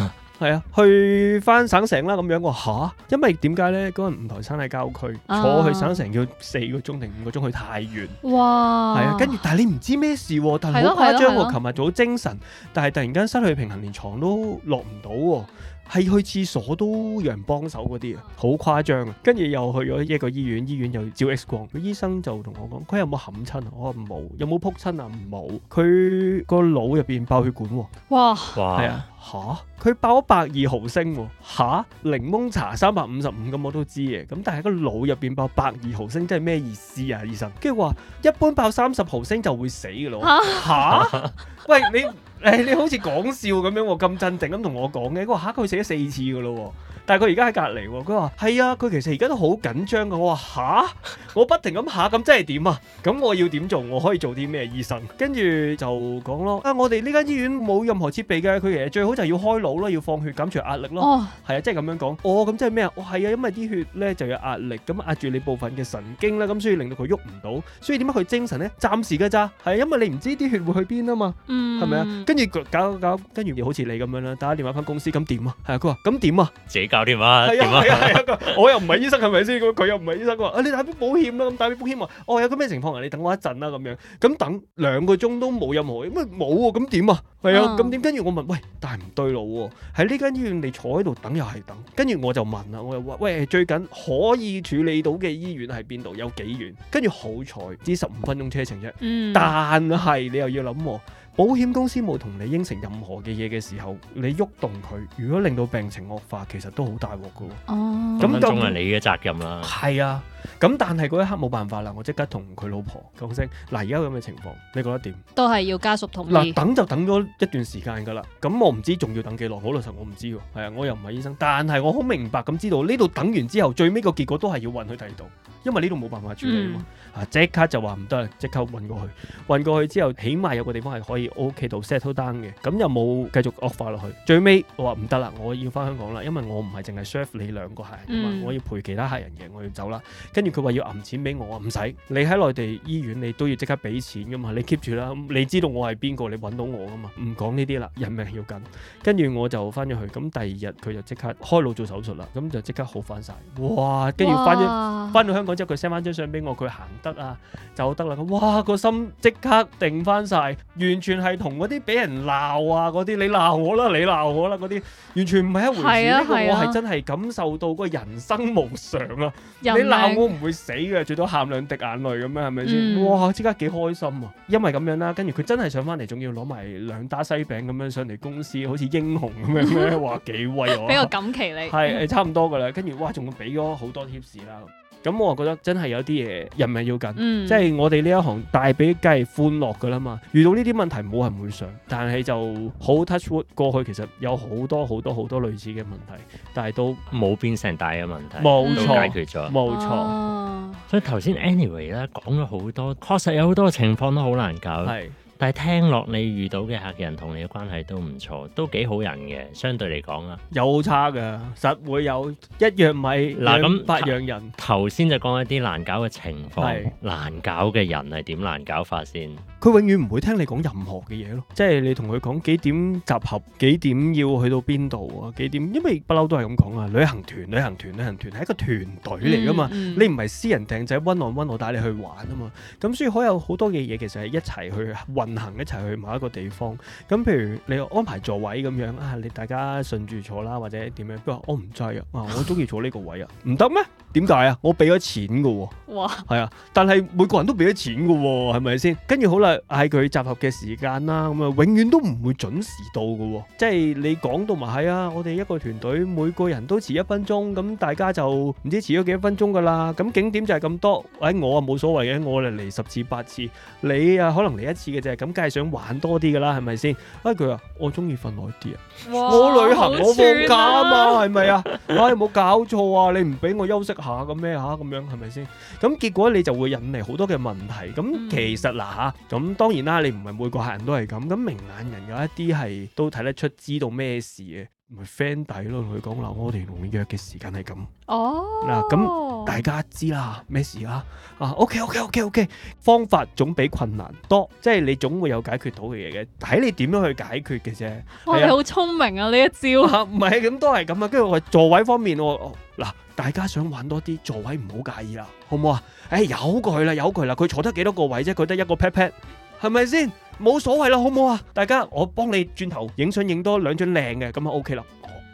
係啊，去翻省城啦咁樣，我話吓，因為點解呢？嗰個五台山喺郊區，啊、坐去省城要四個鐘定五個鐘，去太原。哇！係啊，跟住，但係你唔知咩事，但係好誇張。琴日做早精神，但係突然間失去平衡，連床都落唔到。係去廁所都有人幫手嗰啲啊，好誇張啊！跟住又去咗一個醫院，醫院又照 X 光，個醫生就同我講：佢有冇冚親啊？我話冇，有冇撲親啊？冇。佢個腦入邊爆血管喎！哇！係啊！吓？佢爆咗百二毫升喎！吓？檸檬茶三百五十五，咁我都知嘅，咁但係個腦入邊爆百二毫升真係咩意思啊？醫生跟住話：一般爆三十毫升就會死噶咯！吓？ 喂你！ 誒、哎、你好似講笑咁樣喎，咁鎮定咁同我講嘅。佢話嚇佢死咗四次噶咯喎，但係佢而家喺隔離喎。佢話係啊，佢其實而家都好緊張嘅。我話嚇，我不停咁嚇，咁即係點啊？咁我要點做？我可以做啲咩醫生？跟住就講咯。啊，我哋呢間醫院冇任何設備嘅。佢其實最好就係要開腦啦，要放血減除壓力咯。係、哦、啊，即係咁樣講。哦，咁即係咩啊？我、哦、係啊，因為啲血咧就有壓力，咁壓住你部分嘅神經啦，咁所以令到佢喐唔到。所以點解佢精神咧？暫時嘅咋。係、啊、因為你唔知啲血會去邊啊嘛。嗯。係咪啊？跟住搞搞，跟住好似你咁樣啦，打電話翻公司，咁點啊？係啊，佢話咁點啊？自己搞掂啊！係啊，係啊，啊 我又唔係醫生，係咪先？佢又唔係醫生，佢話、啊、你打啲保險啦、啊，咁打啲保險啊，啊，哦，有咁咩情況啊？你等我一陣啦、啊，咁樣，咁等兩個鐘都冇任何，咁啊冇啊，咁點啊？係啊，咁點、啊？跟住我問喂，但係唔對路喎、啊，喺呢間醫院你坐喺度等又係等，跟住我就問啦，我又話喂，最近可以處理到嘅醫院喺邊度？有幾遠？跟住好彩，只十五分鐘車程啫。但係你又要諗。保險公司冇同你應承任何嘅嘢嘅時候，你喐動佢，如果令到病情惡化，其實都好大鑊㗎。哦、嗯，咁就係你嘅責任啦。係啊。咁但係嗰一刻冇辦法啦，我即刻同佢老婆講聲嗱，而家咁嘅情況，你覺得點？都係要家屬同意。嗱，等就等咗一段時間㗎啦。咁我唔知仲要等幾耐，好老實我唔知喎。係啊，我又唔係醫生，但係我好明白咁知道呢度等完之後，最尾個結果都係要運去第二度，因為呢度冇辦法處理啊。嗯、即刻就話唔得啦，即刻運過去。運過去之後，起碼有個地方係可以 O K 到 settle down 嘅，咁又冇繼續惡化落去。最尾我話唔得啦，我要翻香港啦，因為我唔係淨係 serve 你兩個客人，嗯、我要陪其他客人嘅，我要走啦。跟住佢話要揜錢俾我啊，唔使你喺內地醫院你都要即刻俾錢噶嘛。你 keep 住啦，你知道我係邊個，你揾到我噶嘛，唔講呢啲啦，人命要緊。跟住我就翻咗去，咁第二日佢就即刻開腦做手術啦，咁就即刻好翻晒。哇！跟住翻咗翻到香港之後，佢 send 翻張相俾我，佢行得啊，就得啦。哇！個心即刻定翻晒。完全係同嗰啲俾人鬧啊嗰啲，你鬧我啦，你鬧我啦嗰啲，完全唔係一回事。啊啊、我係真係感受到個人生無常啊！命你鬧我。我唔會死嘅，最多喊兩滴眼淚咁樣，係咪先？嗯、哇！即刻幾開心啊！因為咁樣啦，跟住佢真係上翻嚟，仲要攞埋兩打西餅咁樣上嚟公司，好似英雄咁樣，話幾威我。俾 我錦旗你。係差唔多噶啦，跟住哇，仲會俾咗好多 tips 啦。咁我覺得真係有啲嘢人命要緊，即係、嗯、我哋呢一行帶俾雞歡樂㗎喇嘛。遇到呢啲問題冇人唔會想，但係就好 touch wood 過去其實有好多好多好多,多類似嘅問題，但係都冇變成大嘅問題，冇錯解決咗，冇、嗯、錯。哦、所以頭先 anyway 咧講咗好多，確實有好多情況都好難搞。係。但係聽落，你遇到嘅客人同你嘅關係都唔錯，都幾好人嘅，相對嚟講啊，有差噶，實會有一樣米養百樣人。頭先、啊、就講一啲難搞嘅情況，是難搞嘅人係點難搞法先？佢永遠唔會聽你講任何嘅嘢咯，即係你同佢講幾點集合，幾點要去到邊度啊？幾點？因為不嬲都係咁講啊，旅行團、旅行團、旅行團係一個團隊嚟噶嘛，嗯嗯、你唔係私人訂製，one、就是、on 我溫我帶你去玩啊嘛。咁所以可以有好多嘅嘢，其實係一齊去。運行一齊去某一個地方，咁譬如你安排座位咁樣啊，你大家順住坐啦，或者點樣？佢話我唔制啊，我中意坐呢個位啊，唔得咩？點解啊？我俾咗錢㗎喎，係哇啊，但係每個人都俾咗錢㗎喎，係咪先？跟住好啦，喺佢集合嘅時間啦，咁啊永遠都唔會準時到㗎喎，即係你講到埋係啊，我哋一個團隊每個人都遲一分鐘，咁大家就唔知遲咗幾多分鐘㗎啦。咁景點就係咁多，哎我啊冇所謂嘅，我嚟十次八次，你啊可能嚟一次嘅啫，咁梗係想玩多啲㗎啦，係咪先？啊佢啊，我中意瞓耐啲啊，哇我旅行哇我放假啊嘛，係咪啊？哎冇搞錯啊，你唔俾我休息。吓，咁咩吓，咁樣係咪先？咁結果你就會引嚟好多嘅問題。咁其實嗱嚇，咁、嗯、當然啦，你唔係每個客人都係咁。咁明眼人有一啲係都睇得出，知道咩事嘅。咪 friend 底咯，同佢講，嗱，我哋同你約嘅時間係咁。哦，嗱、啊，咁大家知啦，咩事啊？啊，OK OK OK OK，方法總比困難多，即係你總會有解決到嘅嘢嘅，睇你點樣去解決嘅啫。哇、哦，啊、你好聰明啊，呢一招。唔係，咁都係咁啊。跟住我座位方面，我，嗱，大家想玩多啲座位唔好介意啦，好唔好啊？誒、哎，有佢啦，有佢啦，佢坐得幾多個位啫？佢得一個 pat pat，係咪先？是冇所謂啦，好唔好啊？大家我幫你轉頭影相影多兩張靚嘅，咁啊 O K 啦。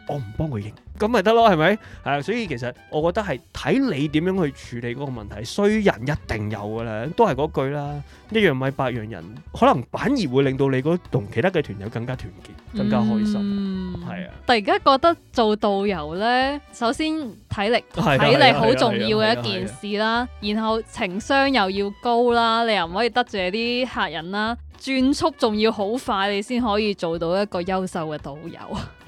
我唔幫佢影，咁咪得咯，係咪、OK？啊，所以其實我覺得係睇你點樣去處理嗰個問題。衰人一定有噶啦，都係嗰句啦。一樣米百樣人，可能反而會令到你同其他嘅團友更加團結，更加開心。係啊、嗯，但而家覺得做導遊咧，首先體力的體力好重要嘅一件事啦，然後情商又要高啦，你又唔可以得罪啲客人啦。轉速仲要好快，你先可以做到一個優秀嘅導遊。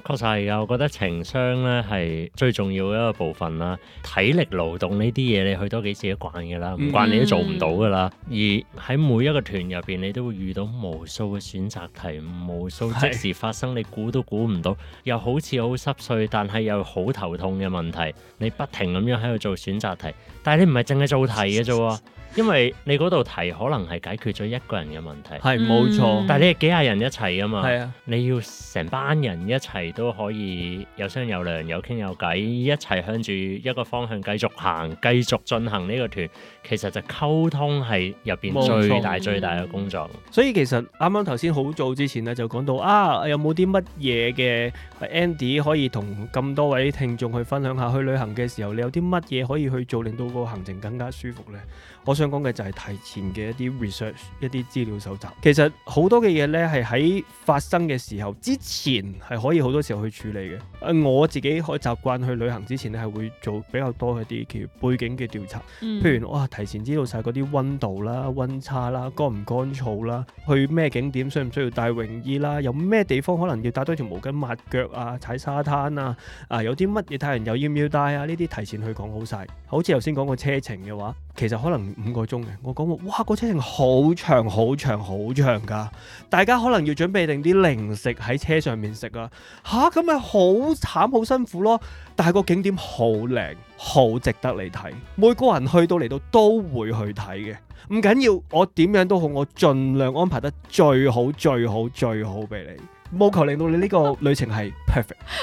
確實係㗎，我覺得情商咧係最重要嘅一個部分啦。體力勞動呢啲嘢，你去多幾次都慣嘅啦，唔慣你都做唔到㗎啦。嗯、而喺每一個團入邊，你都會遇到無數嘅選擇題，無數即時發生，是你估都估唔到，又好似好濕碎，但係又好頭痛嘅問題，你不停咁樣喺度做選擇題。但係你唔係淨係做題嘅啫喎。 因為你嗰度提可能係解決咗一個人嘅問題，係冇錯。錯嗯、但係你係幾廿人一齊㗎嘛？係啊，你要成班人一齊都可以有商有量，有傾有偈，一齊向住一個方向繼續行，繼續進行呢個團。其實就溝通係入邊最大最大嘅工作。嗯、所以其實啱啱頭先好早之前咧，就講到啊，有冇啲乜嘢嘅 Andy 可以同咁多位聽眾去分享下？去旅行嘅時候，你有啲乜嘢可以去做，令到個行程更加舒服呢？我想講嘅就係提前嘅一啲 research，一啲資料搜集。其實好多嘅嘢呢係喺發生嘅時候之前係可以好多時候去處理嘅。誒、呃，我自己可以習慣去旅行之前呢，係會做比較多一啲嘅背景嘅調查。譬、嗯、如話、啊、提前知道晒嗰啲溫度啦、溫差啦、乾唔乾燥啦，去咩景點需唔需要帶泳衣啦，有咩地方可能要帶多條毛巾抹腳啊、踩沙灘啊，啊有啲乜嘢太陽又要唔要帶啊？呢啲提前去講好晒。好似頭先講過個車程嘅話，其實可能五個鐘嘅。我講過，哇，個車程好長好長好長㗎，大家可能要準備定啲零食喺車上面食啦。吓、啊，咁咪好慘好辛苦咯。但係個景點好靚，好值得你睇。每個人去到嚟到都會去睇嘅。唔緊要，我點樣都好，我盡量安排得最好最好最好俾你。務求令到你呢個旅程係。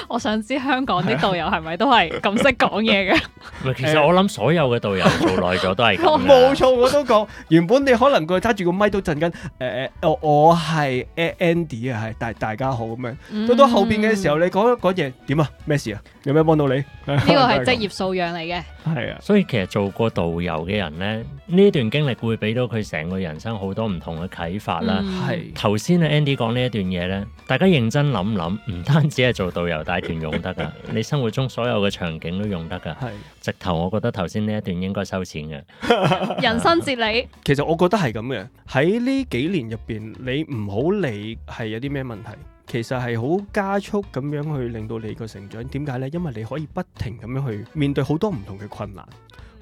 我想知香港啲導遊係咪都係咁識講嘢嘅？ 其實我諗所有嘅導遊做耐咗都係， 我冇錯我都講。原本你可能佢揸住個咪都震緊，誒、呃、誒、呃，我我係 Andy 啊，係大大家好咁樣。到、嗯、到後邊嘅時候，你講一講嘢點啊？咩事啊？有咩幫到你？呢個係職業素養嚟嘅，係啊。所以其實做過導遊嘅人咧，呢段經歷會俾到佢成個人生好多唔同嘅啟發啦。係頭先啊 Andy 講呢一段嘢咧，大家認真諗諗，唔單止係做。做導遊帶團用得噶， 你生活中所有嘅場景都用得噶。的直頭，我覺得頭先呢一段應該收錢嘅。 人生哲理， 其實我覺得係咁嘅。喺呢幾年入邊，你唔好理係有啲咩問題，其實係好加速咁樣去令到你個成長。點解呢？因為你可以不停咁樣去面對好多唔同嘅困難。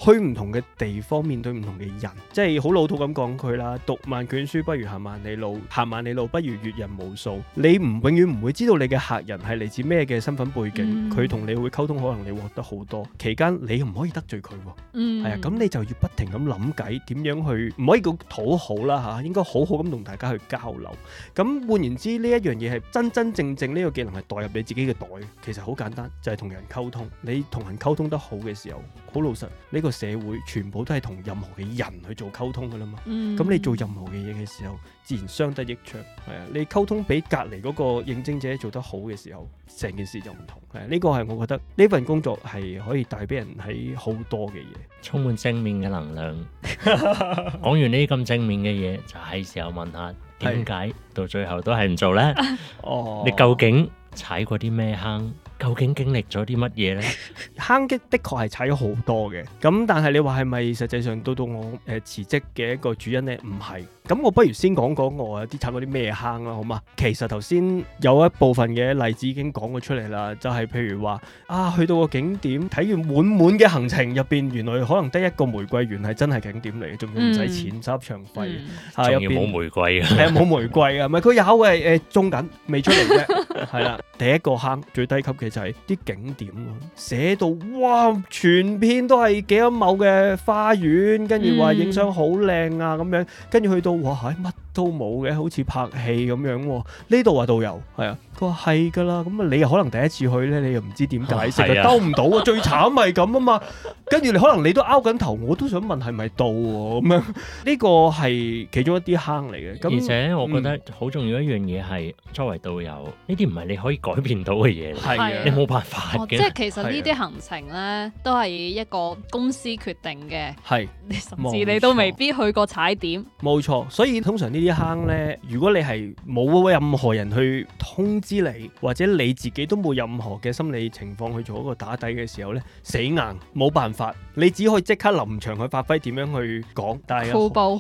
去唔同嘅地方，面對唔同嘅人，即係好老土咁講佢啦。讀萬卷書不如行萬里路，行萬里路不如閱人無數。你唔永遠唔會知道你嘅客人係嚟自咩嘅身份背景，佢同、嗯、你會溝通，可能你獲得好多。期間你唔可以得罪佢喎，係、嗯、啊，咁你就要不停咁諗計點樣去，唔可以講討好啦嚇、啊，應該好好咁同大家去交流。咁換言之，呢一樣嘢係真真正正呢個技能係代入你自己嘅袋，其實好簡單，就係、是、同人溝通。你同人溝通得好嘅時候，好老實呢個。社會全部都係同任何嘅人去做溝通噶啦嘛，咁、嗯、你做任何嘅嘢嘅時候，自然相得益彰係啊。你溝通比隔籬嗰個應徵者做得好嘅時候，成件事就唔同。係呢、呢個係我覺得呢份工作係可以帶俾人喺好多嘅嘢，充滿正面嘅能量。 講完呢啲咁正面嘅嘢，就係、是、時候問下點解的到最後都係唔做呢？哦， 你究竟踩過啲咩坑？究竟經歷咗啲乜嘢呢？ 坑的確係踩咗好多嘅，咁但係你話係咪實際上都對我誒辭職嘅一個主因呢？唔係。咁我不如先講講我有啲踩過啲咩坑啦、啊，好嘛？其實頭先有一部分嘅例子已經講咗出嚟啦，就係、是、譬如話啊，去到個景點睇完滿滿嘅行程入邊，原來可能得一個玫瑰園係真係景點嚟，嘅，仲、嗯嗯啊、要唔使錢，收場費仲要冇玫瑰啊，冇玫瑰啊，唔係佢有嘅誒、呃、種緊，未出嚟啫，係啦、 啊。第一個坑最低級嘅就係、是、啲景點咯，寫到哇，全篇都係幾多畝嘅花園，跟住話影相好靚啊咁樣，跟住去到。哇！係乜都冇嘅，好似拍戲咁樣。呢度話導遊，係啊。話係㗎啦，咁啊你又可能第一次去咧，你又唔知點解釋，兜唔到啊！ 最慘咪咁啊嘛，跟住你可能你都拗緊頭，我都想問係咪到喎、啊、咁樣？呢、這個係其中一啲坑嚟嘅。而且我覺得好重要一樣嘢係，作為導遊呢啲唔係你可以改變到嘅嘢，啊啊、你冇辦法即係其實呢啲行程咧，啊、都係一個公司決定嘅。係是，甚至你都未必去過踩點。冇錯，所以通常呢啲坑咧，如果你係冇任何人去通知。知你或者你自己都冇任何嘅心理情況去做一個打底嘅時候咧，死硬，冇辦法，你只可以即刻臨場去發揮點樣去講，但係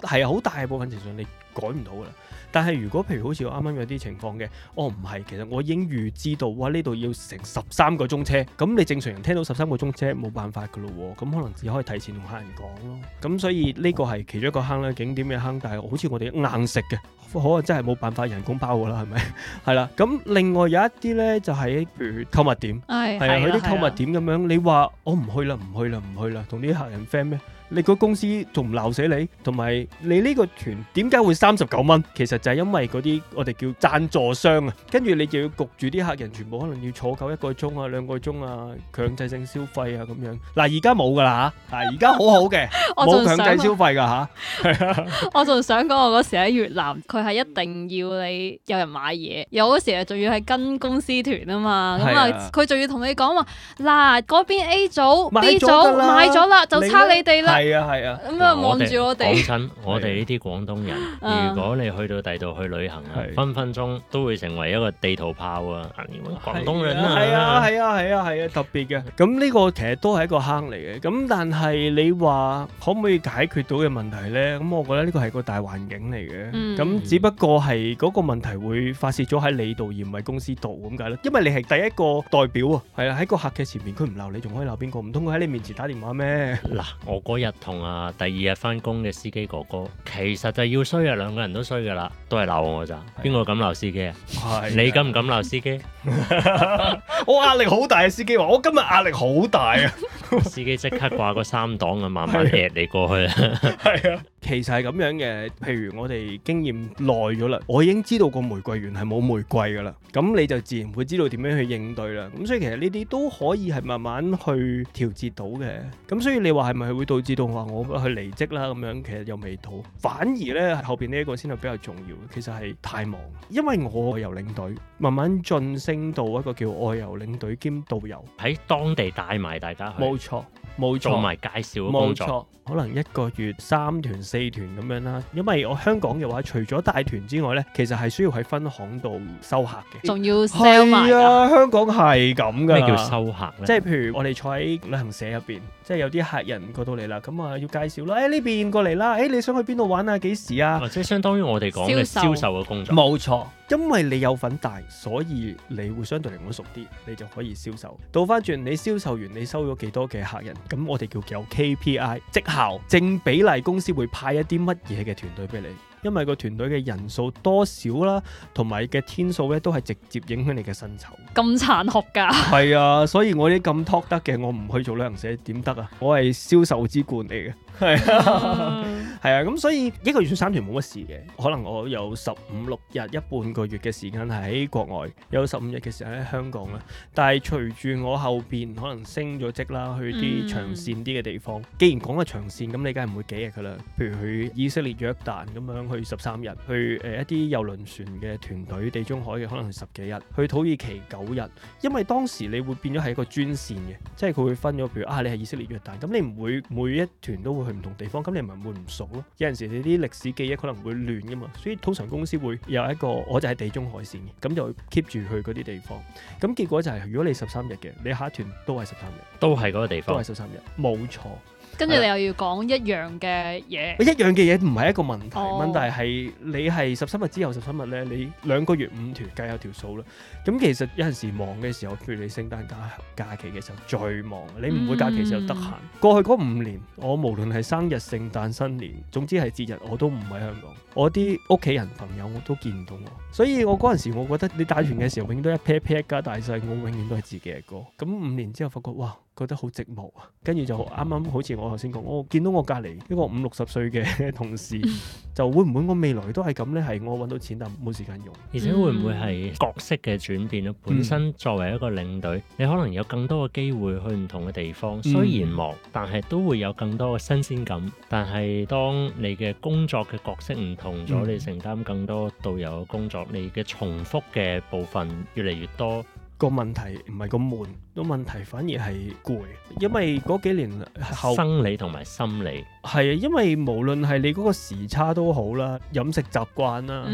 係啊，好大部分情緒你改唔到噶啦但係如果譬如好似我啱啱有啲情況嘅，我唔係，其實我已經預知到哇呢度要成十三個鐘車，咁你正常人聽到十三個鐘車冇辦法㗎咯喎，咁可能只可以提前同客人講咯。咁所以呢個係其中一個坑啦，景點嘅坑，但係好似我哋硬食嘅，可能真係冇辦法人工包㗎啦，係咪？係啦。咁另外有一啲咧就係譬如購物點，係係啊，佢啲購物點咁樣，你話我唔去啦，唔去啦，唔去啦，同啲客人 friend 咩？你個公司仲唔鬧死你？同埋你呢個團點解會三十九蚊？其實就係因為嗰啲我哋叫贊助商啊，跟住你就要焗住啲客人全部可能要坐夠一個鐘啊、兩個鐘啊，強制性消費啊咁樣。嗱，而家冇㗎啦嚇，嗱，而家好好嘅，冇強制消費㗎嚇。我仲想講，我嗰時喺越南，佢係一定要你有人買嘢，有時候啊仲要係跟公司團啊嘛，咁啊佢仲要同你講話嗱，嗰邊 A 組、B 組買咗啦，就差你哋啦。係啊係啊，咁啊望住我哋。講真，我哋呢啲廣東人，如果你去到第度去旅行啊，分分鐘都會成為一個地圖炮啊！廣東人啊，係啊係啊係啊係啊，特別嘅。咁呢個其實都係一個坑嚟嘅。咁但係你話可唔可以解決到嘅問題咧？咁我覺得呢個係個大環境嚟嘅。咁只不過係嗰個問題會發泄咗喺你度，而唔係公司度咁解咯。因為你係第一個代表啊，係啊，喺個客嘅前面，佢唔鬧你，仲可以鬧邊個？唔通佢喺你面前打電話咩？嗱，我嗰日。同啊，第二日翻工嘅司機哥哥，其實就要衰啊，兩個人都衰噶啦，都係鬧我咋？邊個的敢鬧司機啊？的你敢唔敢鬧司機？ 我壓力好大啊！司機話我今日壓力好大啊！ 司機即刻掛個三檔啊，慢慢踢你過去啊！係啊，其實係咁樣嘅。譬如我哋經驗耐咗啦，我已經知道個玫瑰園係冇玫瑰噶啦，咁你就自然會知道點樣去應對啦。咁所以其實呢啲都可以係慢慢去調節到嘅。咁所以你話係咪會導致到話我去離職啦？咁樣其實又未到，反而呢，後邊呢一個先係比較重要嘅。其實係太忙，因為我愛遊領隊慢慢晉升到一個叫愛遊領隊兼導遊，喺當地帶埋大家去。錯冇錯，錯做埋介紹，冇錯，可能一個月三團四團咁樣啦。因為我香港嘅話，除咗大團之外咧，其實係需要喺分行度收客嘅，仲要 sell 埋啊。的香港係咁嘅。咩叫收客？即係譬如我哋坐喺旅行社入邊。即係有啲客人過到嚟啦，咁啊要介紹啦，誒呢邊過嚟啦，誒、哎、你想去邊度玩啊？幾時啊？即係相當於我哋講嘅銷售嘅工作，冇錯。因為你有份大，所以你會相對嚟講熟啲，你就可以銷售。倒翻轉，你銷售完你收咗幾多嘅客人，咁我哋叫有 KPI 績效正比例，公司會派一啲乜嘢嘅團隊俾你。因為個團隊嘅人數多少啦，同埋嘅天數咧，都係直接影響你嘅薪酬。咁殘酷㗎？係啊，所以我啲咁 top 得嘅，我唔去做旅行社點得啊？我係銷售之冠嚟嘅。係啊，係啊， 咁所以一個月三團冇乜事嘅，可能我有十五六日一半個月嘅時間係喺國外，有十五日嘅時間喺香港啦。但係隨住我後邊可能升咗職啦，去啲長線啲嘅地方。既然講係長線，咁你梗係唔會幾日㗎啦。譬如去以色列約旦咁樣去十三日，去誒一啲遊輪船嘅團隊，地中海嘅可能係十幾日，去土耳其九日。因為當時你會變咗係一個專線嘅，即係佢會分咗，譬如啊你係以色列約旦，咁你唔會每一團都，去唔同地方，咁你咪會唔熟咯？有陣時你啲歷史記憶可能會亂噶嘛，所以通常公司會有一個，我就喺地中海線嘅，咁就 keep 住去嗰啲地方。咁結果就係，如果你十三日嘅，你下一團都係十三日，都係嗰個地方，都係十三日，冇錯。跟住你又要講一樣嘅嘢，一樣嘅嘢唔係一個問題，問題係你係十三日之後十三日咧，你兩個月五團計有條數啦。咁其實有陣時忙嘅時候，譬如你聖誕假假期嘅時候最忙，你唔會假期時候得閒。Mm. 過去嗰五年，我無論係生日、聖誕、新年，總之係節日，我都唔喺香港，我啲屋企人朋友我都見唔到我。所以我嗰陣時，我覺得你帶團嘅時候永遠都一 pair pair 一家大細，我永遠都係自己一個。咁五年之後發覺，哇！覺得好寂寞，啊。跟住就啱啱好似我頭先講，我見到我隔離一個五六十歲嘅同事，嗯、就會唔會我未來都係咁咧？係我搵到錢但冇時間用，而且會唔會係角色嘅轉變咧？本身作為一個領隊，你可能有更多嘅機會去唔同嘅地方，雖然忙，但係都會有更多嘅新鮮感。但係當你嘅工作嘅角色唔同咗，嗯、你承擔更多導遊嘅工作，你嘅重複嘅部分越嚟越多。個問題唔係咁悶，個問題反而係攰，因為嗰幾年後生理同埋心理係啊，因為無論係你嗰個時差都好啦，飲食習慣啦，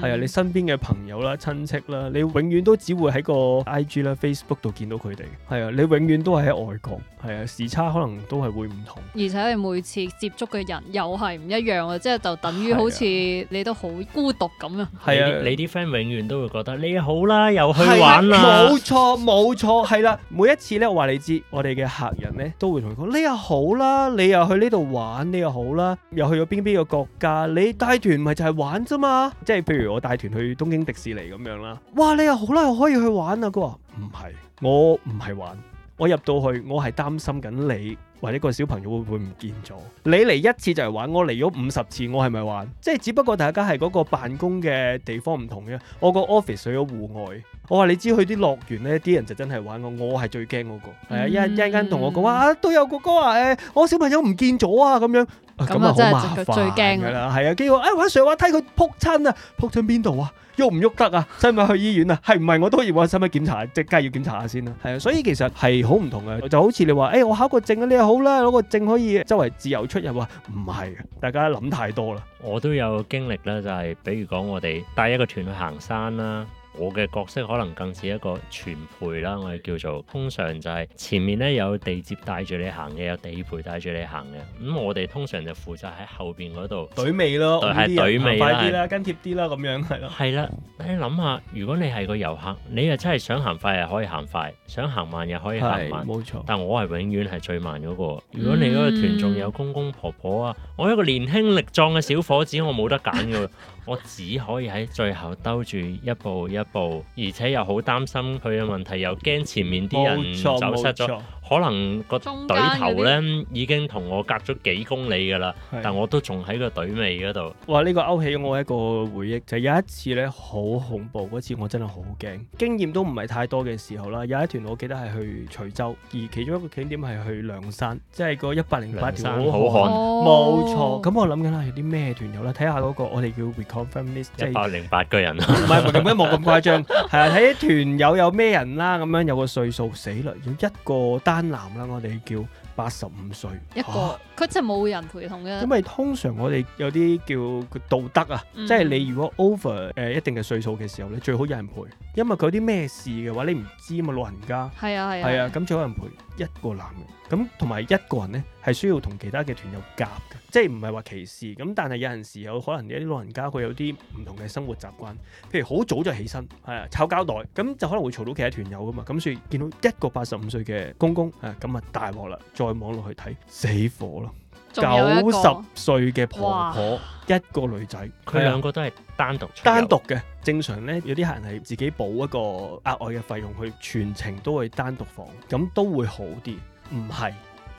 係啊，你身邊嘅朋友啦、親戚啦，你永遠都只會喺個 IG 啦、Facebook 度見到佢哋，係啊，你永遠都係喺外國，係啊，時差可能都係會唔同，而且你每次接觸嘅人又係唔一樣啊，即係就等於好似你都好孤獨咁啊，係啊，你啲 friend 永遠都會覺得你好啦，又去玩啦。冇錯冇錯，係啦。每一次咧，我話你知，我哋嘅客人呢，都會同佢講，你又好啦，你又去呢度玩，你又好啦，又去咗邊邊個國家，你帶團唔係就係玩啫嘛。即係譬如我帶團去東京迪士尼咁樣啦。哇，你又好啦，又可以去玩啊。佢話唔係，我唔係玩，我入到去，我係擔心緊你。或者個小朋友會唔會唔見咗？你嚟一次就係玩，我嚟咗五十次，我係咪玩？即係只不過大家係嗰個辦公嘅地方唔同啫。我個 office 喺咗戶外，我話你知佢啲樂園呢啲人就真係玩我，我係最驚嗰個。係啊、嗯，一陣一陣間同我講話啊，都有哥哥啊，誒，我小朋友唔見咗啊咁樣。咁真係最驚㗎啦，係、哎、啊，叫我哎玩上滑梯佢仆親啊，仆親邊度啊，喐唔喐得啊，使唔使去醫院啊？係唔係我都要話使唔使檢查？即刻要檢查,下,要檢查下先啦、啊。係啊，所以其實係好唔同嘅，就好似你話，誒、哎、我考個證你又好啦，攞個證可以周圍自由出入啊。唔係啊，大家諗太多啦。我都有經歷啦，就係、是、比如講，我哋帶一個團去行山啦。我嘅角色可能更似一個全陪啦，我哋叫做通常就係前面咧有地接帶住你行嘅，有地陪帶住你行嘅。咁、嗯、我哋通常就負責喺後邊嗰度，隊尾咯，係隊尾行快啲啦，是跟貼啲啦，咁樣係咯。係啦，你諗下，如果你係個遊客，你又真係想行快又可以行快，想行慢又可以行慢，冇錯。錯，但我係永遠係最慢嗰、那個。如果你嗰個團仲有公公婆婆啊，嗯、我一個年輕力壯嘅小伙子，我冇得揀㗎 我只可以喺最後兜住一步一步，而且又好擔心佢嘅問題，又驚前面啲人走失咗。可能個隊頭咧已經同我隔咗幾公里㗎啦，但我都仲喺個隊尾嗰度。哇！呢個勾起咗我一個回憶，就係有一次咧好恐怖，嗰次我真係好驚。經驗都唔係太多嘅時候啦，有一團我記得係去徐州，而其中一個景點係去梁山，即係個一百零八條好漢。冇錯，咁我諗緊啦，有啲咩團友咧？睇下嗰個我哋叫 reconfirm list，一百零八個人，唔係唔係咁樣，冇咁誇張，係啊，睇啲團友有咩人啦，咁樣有個歲數，死啦，有一個單。單男啦，我哋叫八十五歲一個，佢蛤真係冇人陪同嘅。因為通常我哋有啲叫道德啊，即係、嗯、你如果 over 誒一定嘅歲數嘅時候咧，最好有人陪，因為佢有啲咩事嘅話，你唔知啊嘛，老人家。係啊係啊。係啊，咁、啊、最好人陪一個男嘅，咁同埋一個人咧。係需要同其他嘅團友夾嘅，即係唔係話歧視咁，但係有陣時有可能啲老人家佢有啲唔同嘅生活習慣，譬如好早就起身，係啊，炒膠袋，咁就可能會嘈到其他團友㗎嘛，咁所以見到一個八十五歲嘅公公，啊，咁啊大鑊啦，再望落去睇死火咯，九十歲嘅婆婆，哇一個女仔，佢兩個都係單獨出遊，單獨嘅，正常呢，有啲客人係自己補一個額外嘅費用去全程都會單獨房，咁都會好啲，唔係。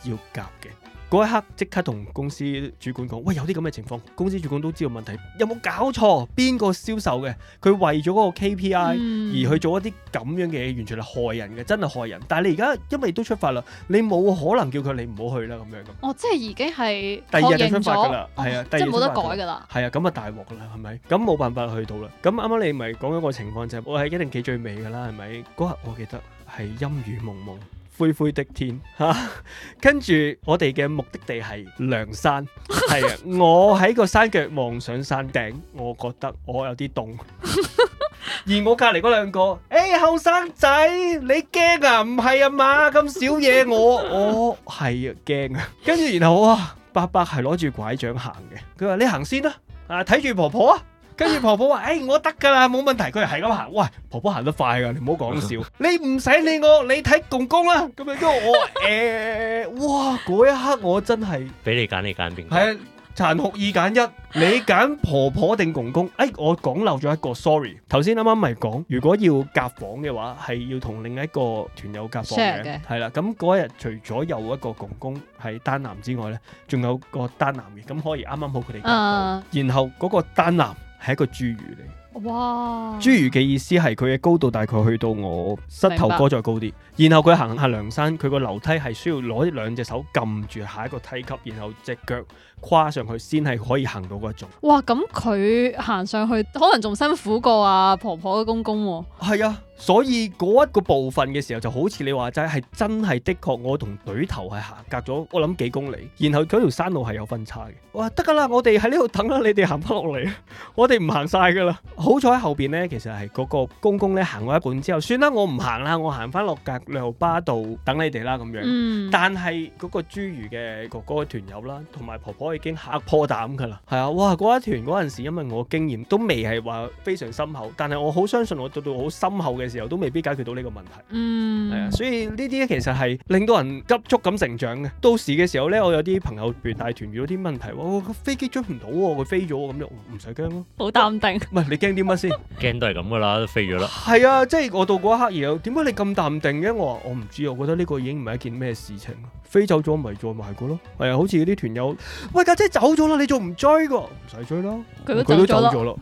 要夾嘅嗰一刻，即刻同公司主管講：喂，有啲咁嘅情況，公司主管都知道問題，有冇搞錯？邊個銷售嘅？佢為咗嗰個 KPI 而去做一啲咁樣嘅嘢，完全係害人嘅，真係害人。但係你而家因為都出發啦，你冇可能叫佢你唔好去啦，咁樣咁。哦，即係已經係確認咗，第二日出發，即係冇得改噶啦。係啊，咁啊大鑊啦，係咪？咁冇辦法去到啦。咁啱啱你咪講緊個情況就係，我係一定企最尾噶啦，係咪？嗰日我記得係陰雨蒙蒙蒙。灰灰的天，吓、啊，跟住我哋嘅目的地係梁山，係啊，我喺個山腳望上山頂，我覺得我有啲凍，啊，而我隔籬嗰兩個，誒、哎，後生仔，你驚啊？唔係啊嘛，咁少嘢，我我係驚啊，跟住然後啊，伯伯係攞住拐杖行嘅，佢話你行先啦，啊，睇住婆婆啊。跟住婆婆話，誒、欸，我得㗎啦，冇問題。佢係咁行，喂，婆婆行得快㗎，你唔好講笑。 你唔使理我，你睇公公啦。咁樣，因為我誒，哇，嗰一刻我真係俾你揀，你揀邊個？係殘酷二揀一，你揀婆婆定公公？誒、欸，我講漏咗一個，sorry。頭先啱啱咪講，如果要夾房嘅話，係要同另一個團友夾房嘅。係啦，咁嗰日除咗有一個公公係單男之外咧，仲有個單男嘅，咁可以啱啱好佢哋。嗯、然後嗰個單男。係一個侏儒嚟，哇！侏儒嘅意思係佢嘅高度大概去到我膝頭哥再高啲，明白。然後佢行下梁山，佢個樓梯係需要攞兩隻手撳住下一個梯級，然後隻腳。跨上去先係可以行到嗰一種。哇，咁佢行上去可能仲辛苦過阿、啊、婆婆嘅公公、啊。係啊，所以嗰一個部分嘅時候就好似你話齋，係真係的確我同隊頭係行隔咗，我諗幾公里，然後嗰條山路係有分叉嘅。哇，得噶啦，我哋喺呢度等啦，你哋行翻落嚟，我哋唔行晒噶啦。好彩喺後邊呢，其實係嗰個公公咧行咗一半之後，算啦，我唔行啦，我行翻落隔旅巴度等你哋啦咁樣。嗯。但係嗰個侏儒嘅哥哥嘅團友啦，同埋婆婆。我已經嚇破膽噶啦，係啊，哇！嗰一團嗰陣時，因為我經驗都未係話非常深厚，但係我好相信我做到好深厚嘅時候，都未必解決到呢個問題。嗯，係啊，所以呢啲其實係令到人急速咁成長嘅。到時嘅時候呢，我有啲朋友譬如大團遇到啲問題，哇，飛機追唔到喎，佢飛咗喎，咁樣唔使驚咯，好淡定。唔係你驚啲乜先？驚 都係咁噶啦，都飛咗啦。係啊，即係我到嗰一刻，然後點解你咁淡定嘅？我話我唔知，我覺得呢個已經唔係一件咩事情。飛走咗咪再埋過咯，係啊，好似啲團友，喂，家姐走咗啦，你仲唔追噶？唔使追啦，佢都走咗啦。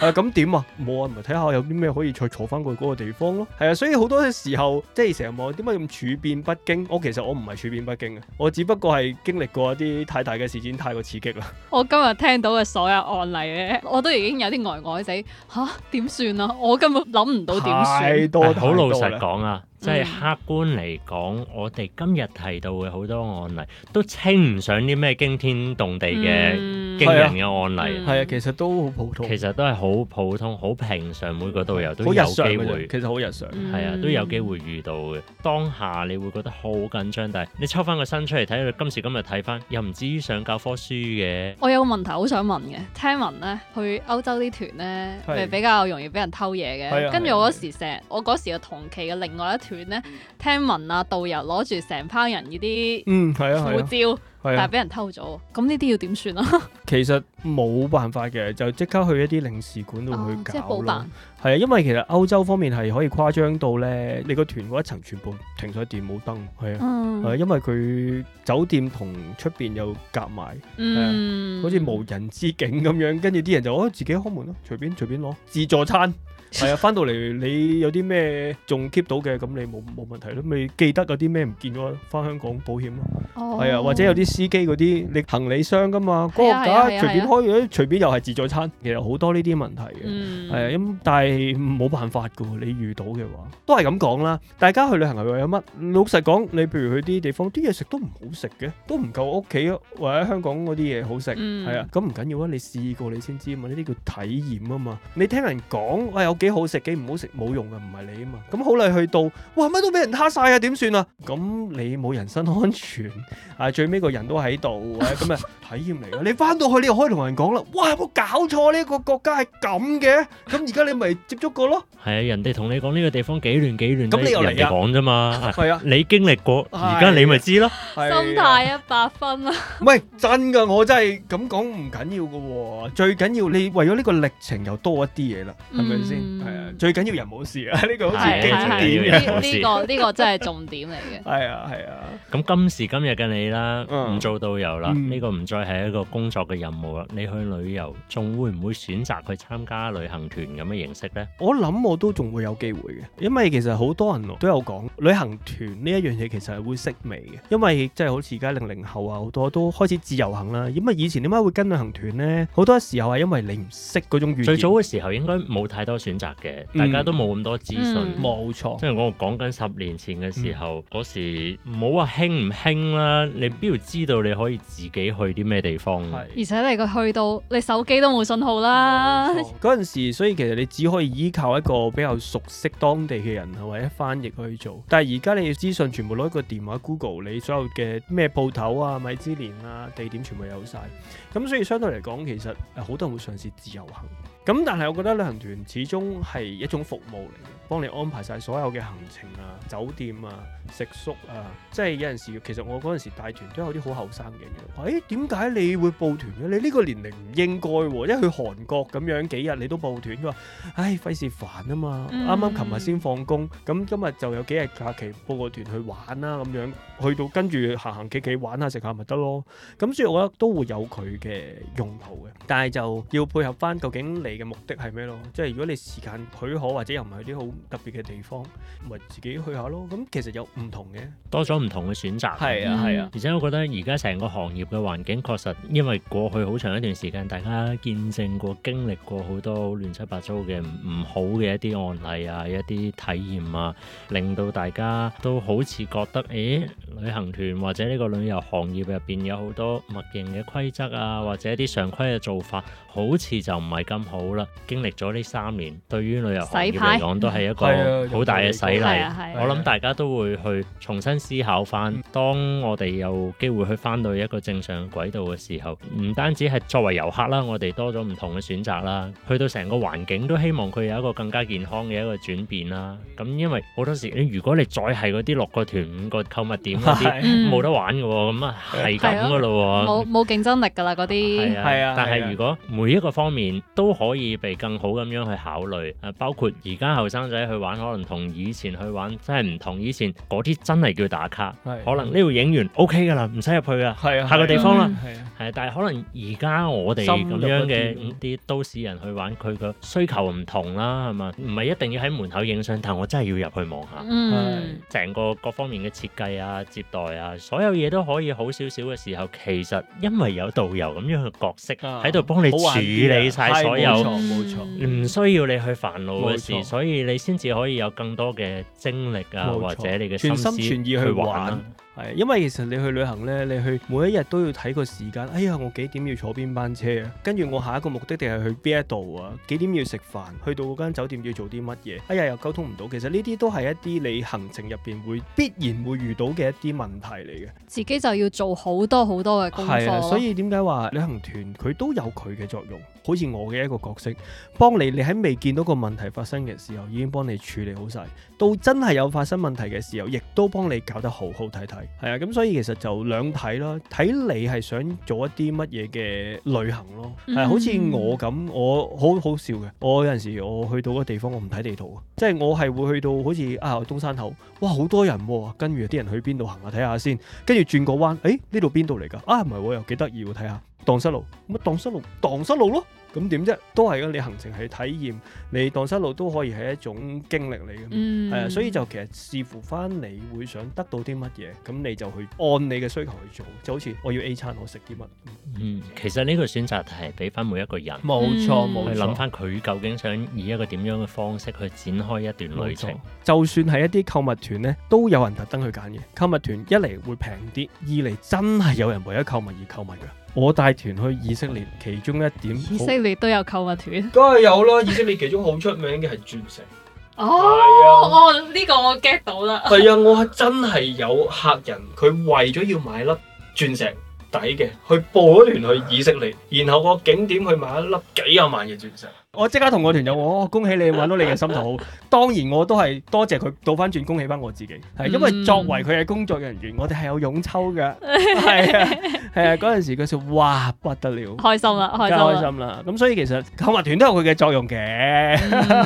誒，咁點啊？冇啊，唔係睇下有啲咩可以再坐翻去嗰個地方咯，啊。係、嗯、啊，所以好多時候即係成日望點解咁處變不驚？我其實我唔係處變不驚嘅，我只不過係經歷過一啲太大嘅事件太過刺激啦。我今日聽到嘅所有案例咧，我都已經有啲呆呆死。吓、啊，點算啊？我根本諗唔到點算。太多，好老實講啊！嗯、即係客觀嚟講，我哋今日提到嘅好多案例，都稱唔上啲咩驚天動地嘅驚人嘅案例。係啊、嗯，嗯、其實都好普通。嗯、普通其實都係好普通、好平常，每個導遊都有機會。其實好日常。係、嗯、啊，都有機會遇到嘅。當下你會覺得好緊張，但係你抽翻個身出嚟睇，到今時今日睇翻，又唔至於上教科書嘅。我有個問題好想問嘅，聽聞咧去歐洲啲團咧係是比較容易俾人偷嘢嘅。跟住我嗰時成日，我嗰時嘅同期嘅另外一團咧，聽聞啊，導遊攞住成班人嗰啲嗯係啊護照，啊啊、但係俾人偷咗，咁呢啲要點算啊？其實冇辦法嘅，就即刻去一啲領事館度去搞啦。係啊，啊，因為其實歐洲方面係可以誇張到咧，嗯、你個團嗰一層全部停咗電冇燈，係啊，係、嗯、因為佢酒店同出邊又夾埋，係、嗯、啊，好似無人之境咁樣，跟住啲人就自己開門咯，隨便隨便攞自助餐。係啊，翻 到嚟你有啲咩仲 keep 到嘅，咁你冇冇問題咯？你記得有啲咩唔見咗，翻香港保險咯。係啊、oh.，或者有啲司機嗰啲，你行李箱㗎嘛？嗰個架隨便開咗，的隨便又係自助餐。其實好多呢啲問題嘅，係啊、嗯。咁但係冇辦法噶，你遇到嘅話都係咁講啦。大家去旅行係為咗乜？老實講，你譬如去啲地方，啲嘢食都唔好食嘅，都唔夠屋企或者香港嗰啲嘢好食。係啊、嗯，咁唔緊要啊，你試過你先知啊嘛。呢啲叫體驗啊嘛。你聽人講，我、哎、有。幾好食，幾唔好食，冇用噶，唔係你啊嘛。咁好例去到，哇，乜都俾人蝦晒啊，點算啊？咁你冇人身安全，係、啊、最尾個人都喺度，咁、啊、嘅體驗嚟噶。你翻到去，你又可以同人講啦。哇，我搞錯呢、這個國家係咁嘅，咁而家你咪接觸過咯。係啊，人哋同你講呢個地方幾亂幾亂，咁你，你又嚟講啫嘛。係啊，啊你經歷過，而家你咪知咯。心態一百分啊！喂，真噶，我真係咁講唔緊要噶，最緊要你為咗呢個歷程又多一啲嘢啦，係咪先？係、嗯、啊，最緊要人冇事啊！呢、啊啊這個好似、這個這個、重點呢個呢個真係重點嚟嘅。係啊係啊，咁、啊、今時今日嘅你啦，唔做導遊啦，呢、嗯、個唔再係一個工作嘅任務啦。你去旅遊仲會唔會選擇去參加旅行團咁嘅形式呢？我諗我都仲會有機會嘅，因為其實好多人都有講旅行團呢一樣嘢，其實係會式微嘅，因為即係好似而家零零後啊，好多都開始自由行啦。咁啊，以前點解會跟旅行團呢？好多時候係因為你唔識嗰種。最早嘅時候應該冇太多選。嘅，嗯、大家都冇咁多資訊、嗯，冇錯。即係我講緊十年前嘅時候，嗰、嗯、時唔好話興唔興啦。嗯、你邊度知道你可以自己去啲咩地方？係是，而且你個去到，你手機都冇信號啦。嗰陣、嗯、時，所以其實你只可以依靠一個比較熟悉當地嘅人，或者翻譯去做。但係而家你嘅資訊全部攞一個電話 Google，你所有嘅咩鋪頭啊、米芝蓮啊、地點全部有晒。咁所以相對嚟講，其實好多人都會嘗試自由行。咁但係我覺得旅行團始終係一種服務嚟嘅，幫你安排所有嘅行程啊、酒店啊。食宿啊，即係有陣時，其實我嗰陣時帶團都有啲好後生嘅人，誒點解你會報團嘅？你呢個年齡唔應該喎、啊，因為去韓國咁樣幾日你都報團㗎，唉費事煩啊嘛！啱啱琴日先放工，咁、嗯、今日就有幾日假期報個團去玩啦、啊，咁樣去到跟住行行企企玩下食下咪得咯。咁所以我覺得都會有佢嘅用途嘅，但係就要配合翻究竟你嘅目的係咩咯？即係如果你時間許可或者又唔係啲好特別嘅地方，咪自己去下咯。咁其實有。唔同嘅多咗唔同嘅選擇，係啊係啊，啊而且我覺得而家成個行業嘅環境確實，因為過去好長一段時間大家見證過經歷過好多亂七八糟嘅唔好嘅一啲案例啊、一啲體驗啊，令到大家都好似覺得，誒、欸、旅行團或者呢個旅遊行業入邊有好多默認嘅規則啊，啊或者一啲常規嘅做法，好似就唔係咁好啦。經歷咗呢三年，對於旅遊行業嚟講牌都係一個好大嘅洗禮，啊啊啊、我諗大家都會。去重新思考翻，當我哋有機會去翻到一個正常軌道嘅時候，唔單止係作為遊客啦，我哋多咗唔同嘅選擇啦，去到成個環境都希望佢有一個更加健康嘅一個轉變啦。咁因為好多時，你、哎、如果你再係嗰啲六個團五個購物點啲，冇、啊、得玩嘅，咁啊係咁噶咯，冇冇競爭力噶啦嗰啲。係 啊，啊啊但係如果每一個方面都可以被更好咁樣去考慮，誒、啊，包括而家後生仔去玩可能同以前去玩真係唔同以前。嗰啲真係叫打卡，的可能呢度影完 OK 噶啦，唔使入去啊，係啊的，下個地方啦，係。的的但係可能而家我哋咁樣嘅啲、嗯、都市人去玩，佢個需求唔同啦，係嘛？唔係、嗯、一定要喺門口影相，但係我真係要入去望下，成的的個各方面嘅設計啊、接待啊，所有嘢都可以好少少嘅時候，其實因為有導遊咁樣嘅角色喺度幫你處理晒所有，冇錯，唔需要你去煩惱嘅事，所以你先至可以有更多嘅精力啊，或者你嘅。全心全意去玩。係，因為其實你去旅行咧，你去每一日都要睇個時間。哎呀，我幾點要坐邊班車啊？跟住我下一個目的地係去邊一度啊？幾點要食飯？去到嗰間酒店要做啲乜嘢？哎呀，又溝通唔到。其實呢啲都係一啲你行程入邊會必然會遇到嘅一啲問題嚟嘅。自己就要做好多好多嘅工作。所以點解話旅行團佢都有佢嘅作用？好似我嘅一個角色，幫你，你喺未見到個問題發生嘅時候，已經幫你處理好晒。到真係有發生問題嘅時候，亦都幫你搞得好好睇睇。係啊，咁所以其實就兩睇咯，睇你係想做一啲乜嘢嘅旅行咯，係好似我咁，我好好笑嘅，我有陣時我去到個地方，我唔睇地圖啊，即係我係會去到好似啊東山口，哇好多人喎啊，跟住啲人去邊度行啊，睇下先，跟住轉個彎，誒呢度邊度嚟噶？啊唔係喎，又幾得意喎，睇下。蕩失路，乜蕩失路？蕩失路咯，咁點啫？都係噶、啊。你行程係體驗，你蕩失路都可以係一種經歷嚟嘅。係、嗯、啊。所以就其實視乎翻，你會想得到啲乜嘢，咁你就去按你嘅需求去做。就好似我要 A 餐，我食啲乜？嗯，其實呢個選擇係俾翻每一個人，冇錯冇錯，係諗翻佢究竟想以一個點樣嘅方式去展開一段旅程。就算係一啲購物團咧，都有人特登去揀嘅。購物團一嚟會平啲，二嚟真係有人為咗購物而購物噶。我帶團去以色列，其中一點。以色列都有購物團？梗係有啦，以色列其中好出名嘅係鑽石。哎、 啊、哦，呢、哦呢個我 get 到啦。係 啊，我係真係有客人，佢為咗要買粒鑽石。底嘅去報咗團去以色列，然後個景點去買一粒幾廿萬嘅鑽石。我即刻同我團友我、哦、恭喜你揾到你嘅心頭好。 當然我都係多謝佢倒翻轉，恭喜翻我自己。係因為作為佢嘅工作人員，嗯、我哋係有佣抽嘅。係啊，係啊，嗰陣時佢就哇不得了，開心啦，開心啦，咁所以其實購物團都有佢嘅作用嘅。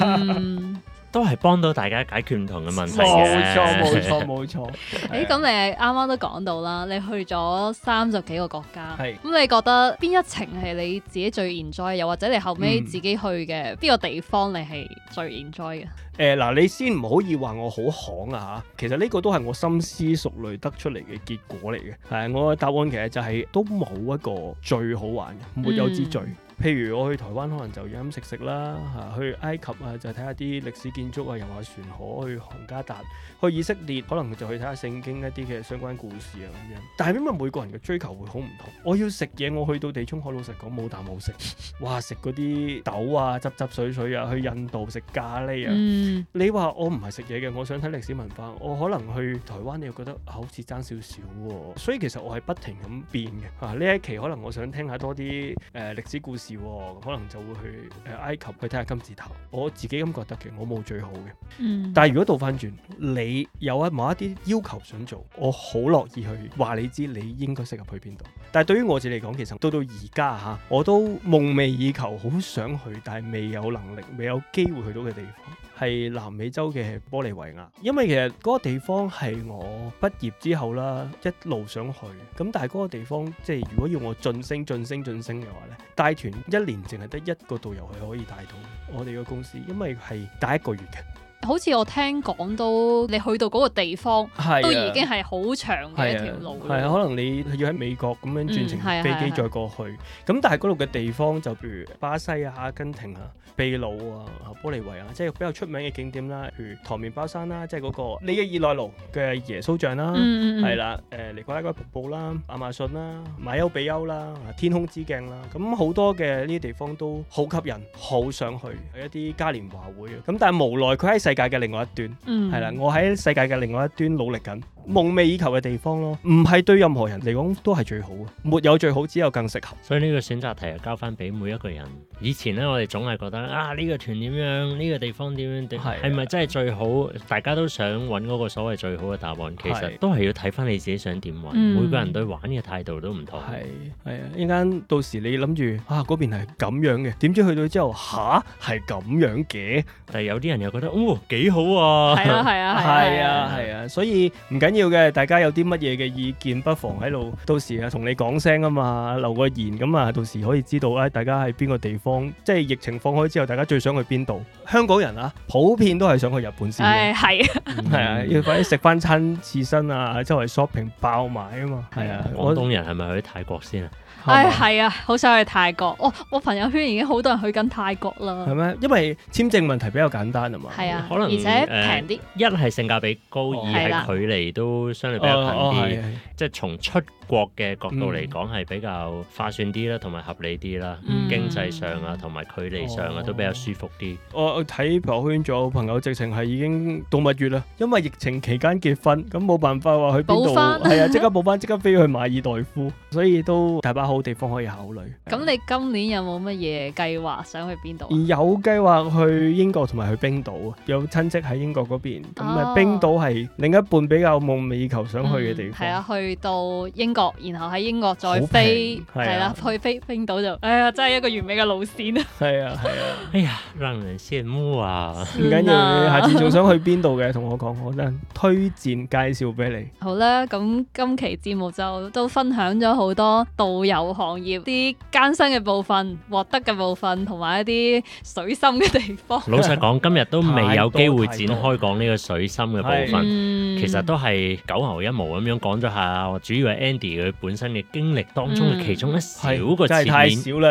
嗯 都係幫到大家解決唔同嘅問題，冇錯冇錯冇錯。誒， 咁、 欸、你啱啱都講到啦，你去咗三十幾個國家，咁是你覺得邊一程係你自己最 enjoy？又或者你後尾自己去嘅邊、嗯、個地方你係最 enjoy 嘅？誒、嗯，嗱、嗯，你先唔可以話我好行啊吓，其實呢個都係我深思熟慮得出嚟嘅結果嚟嘅。係我嘅答案，其實就係都冇一個最好玩嘅，沒有之最。譬如我去台灣，可能就飲飲食食啦，去埃及啊就睇下啲歷史建築啊，遊下船河，去紅加達，去以色列可能就去睇下聖經一啲嘅相關故事啊咁樣。但係因為每個人嘅追求會好唔同，我要食嘢，我去到地中海，老實講冇啖冇食，哇食嗰啲豆啊、汁汁水水啊，去印度食咖喱啊。嗯、你話我唔係食嘢嘅，我想睇歷史文化，我可能去台灣，你又覺得好似爭少少喎。所以其實我係不停咁變嘅。呢、啊、一期可能我想聽下多啲誒、呃、歷史故事。可能就會去誒埃及去睇下金字塔。我自己咁覺得其實，我冇最好嘅。嗯、但係如果倒翻轉，你有一某一啲要求想做，我好樂意去話你知，你應該適合去邊度。但係對於我自己嚟講，其實到到而家嚇，我都夢寐以求，好想去，但係未有能力，未有機會去到嘅地方。係南美洲嘅玻利維亞，因為其實嗰個地方係我畢業之後啦，一路想去。咁但係嗰個地方即係如果要我晉升、晉升、晉升嘅話呢，帶團一年淨係得一個導遊係可以帶到我哋個公司，因為係帶一個月嘅。好似我聽講都你去到嗰個地方，都已經係好長嘅一條路。係啊，可能你要喺美國咁樣轉乘飛機再過去。咁但係嗰度嘅地方就譬如巴西啊、阿根廷啊、秘魯啊、玻利維亞，即係比較出名嘅景點啦，譬如糖麵包山啦，即係嗰個里約熱內盧嘅耶穌像啦，係啦，誒尼古拉瓜瀑布啦、亞馬遜啦、馬丘比丘啦、天空之鏡啦，咁好多嘅呢啲地方都好吸引，好想去係一啲嘉年華會啊。咁但係無奈佢喺成世界嘅另外一端，係啦、嗯，我喺世界嘅另外一端努力緊。夢寐以求嘅地方咯，唔係對任何人嚟講都係最好嘅，沒有最好，只有更適合。所以呢個選擇題又交翻俾每一個人。以前呢，我哋總係覺得啊，呢、這個團點樣，呢、這個地方點樣，係咪、啊、真係最好？大家都想揾嗰個所謂最好嘅答案，其實都係要睇翻你自己想點揾。嗯、每個人對玩嘅態度都唔同。係係、嗯、啊，一間到時你諗住啊，嗰邊係咁樣嘅，點知去到之後吓係咁樣嘅？但係有啲人又覺得，哦，幾好啊！係啊係啊係啊係啊，所以唔緊。 要嘅，大家有啲乜嘢嘅意見，不妨喺度，到時啊同你講聲啊嘛，留個言咁啊，到時可以知道啊，大家喺邊個地方，即係疫情放開之後，大家最想去邊度？香港人啊，普遍都係想去日本先，係係、哎啊，嗯、啊，要快啲食翻餐刺身啊，周圍 shopping 爆買啊嘛，係啊，廣東人係咪去泰國先啊？係係啊，好想去泰國。我我朋友圈已經好多人去緊泰國啦。係咩？因為簽證問題比較簡單啊嘛。係啊，可能而且平啲。一係性價比高，二係距離都相對比較近啲，即係從出國嘅角度嚟講係比較划算啲啦，同埋合理啲啦，經濟上啊，同埋距離上啊都比較舒服啲。我我睇朋友圈有朋友直情係已經度蜜月啦，因為疫情期間結婚，咁冇辦法話去邊度，係啊，即刻補翻，即刻飛去馬爾代夫，所以都大把冇地方可以考慮。咁你今年有冇乜嘢計劃想去邊度？有計劃去英國同埋去冰島啊！有親戚喺英國嗰邊，咁啊冰島係另一半比較夢寐以求想去嘅地方。係啊，去到英國，然後喺英國再飛，係啦，去飛冰島就，哎呀，真係一個完美嘅路線啊！係啊係啊，哎呀，讓人羨慕啊！唔緊要，下次仲想去邊度嘅，同我講，我真推薦介紹俾你。好啦，咁今期節目就都分享咗好多導遊。行業啲艱辛嘅部分，獲得嘅部分，同埋一啲水深嘅地方。老實講今日都未有機會展開講呢個水深嘅部分，其實都係九牛一毛咁樣講咗下。嗯、我主要係 Andy 佢本身嘅經歷當中嘅其中一小個側面，嗯、太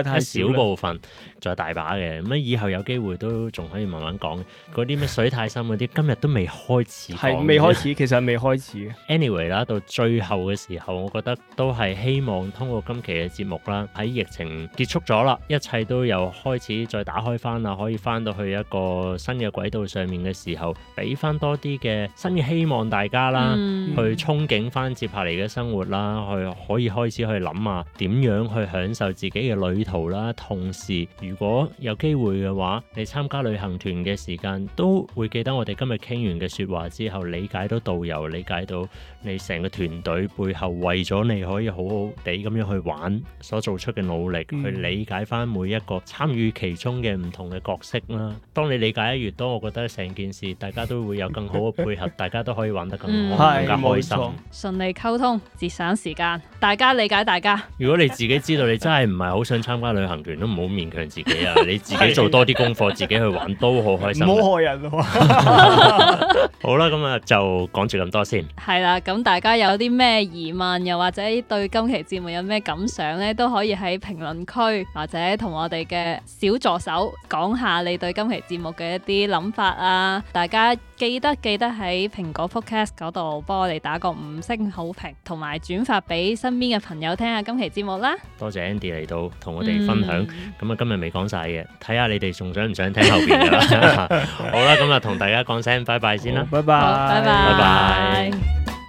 太一小部分，仲有大把嘅。咁以後有機會都仲可以慢慢講嗰啲咩水太深嗰啲， 今日都未開始。係未開始，其實未開始。 Anyway 啦，到最後嘅時候，我覺得都係希望通過今期。嘅節目啦，喺疫情結束咗啦，一切都又開始再打開翻啦，可以翻到去一個新嘅軌道上面嘅時候，俾翻多啲嘅新嘅希望，大家啦、嗯、去憧憬翻接下嚟嘅生活啦，去可以開始去諗下，點樣去享受自己嘅旅途啦。同時如果有機會嘅話，你參加旅行團嘅時間都會記得我哋今日傾完嘅說話，之後理解到導遊，理解到你成個團隊背後為咗你可以好好地咁樣去玩，所做出嘅努力去理解翻每一個參與其中嘅唔同嘅角色啦。當你理解得越多，我覺得成件事大家都會有更好嘅配合，大家都可以玩得更好、 嗯、更加開心，順、嗯、利溝通，節省時間，大家理解大家。如果你自己知道你真係唔係好想參加旅行團， 都唔好勉強自己啊！你自己做多啲功課，自己去玩 都好開心。好害人啊、喔！ 好啦，咁啊就講住咁多先。係啦， 咁大家有啲咩疑問，又或者對今期節目有咩感想？咧都可以喺評論區或者同我哋嘅小助手講下你對今期節目嘅一啲諗法啊！大家記得記得喺蘋果 Podcast 嗰度幫我哋打個五星好評，同埋轉發俾身邊嘅朋友聽下今期節目啦！多謝 Andy 嚟到同我哋分享，咁啊今日未講晒嘅，睇下你哋仲想唔想聽後邊啊！好啦，咁啊同大家講聲拜拜先啦，拜拜拜拜。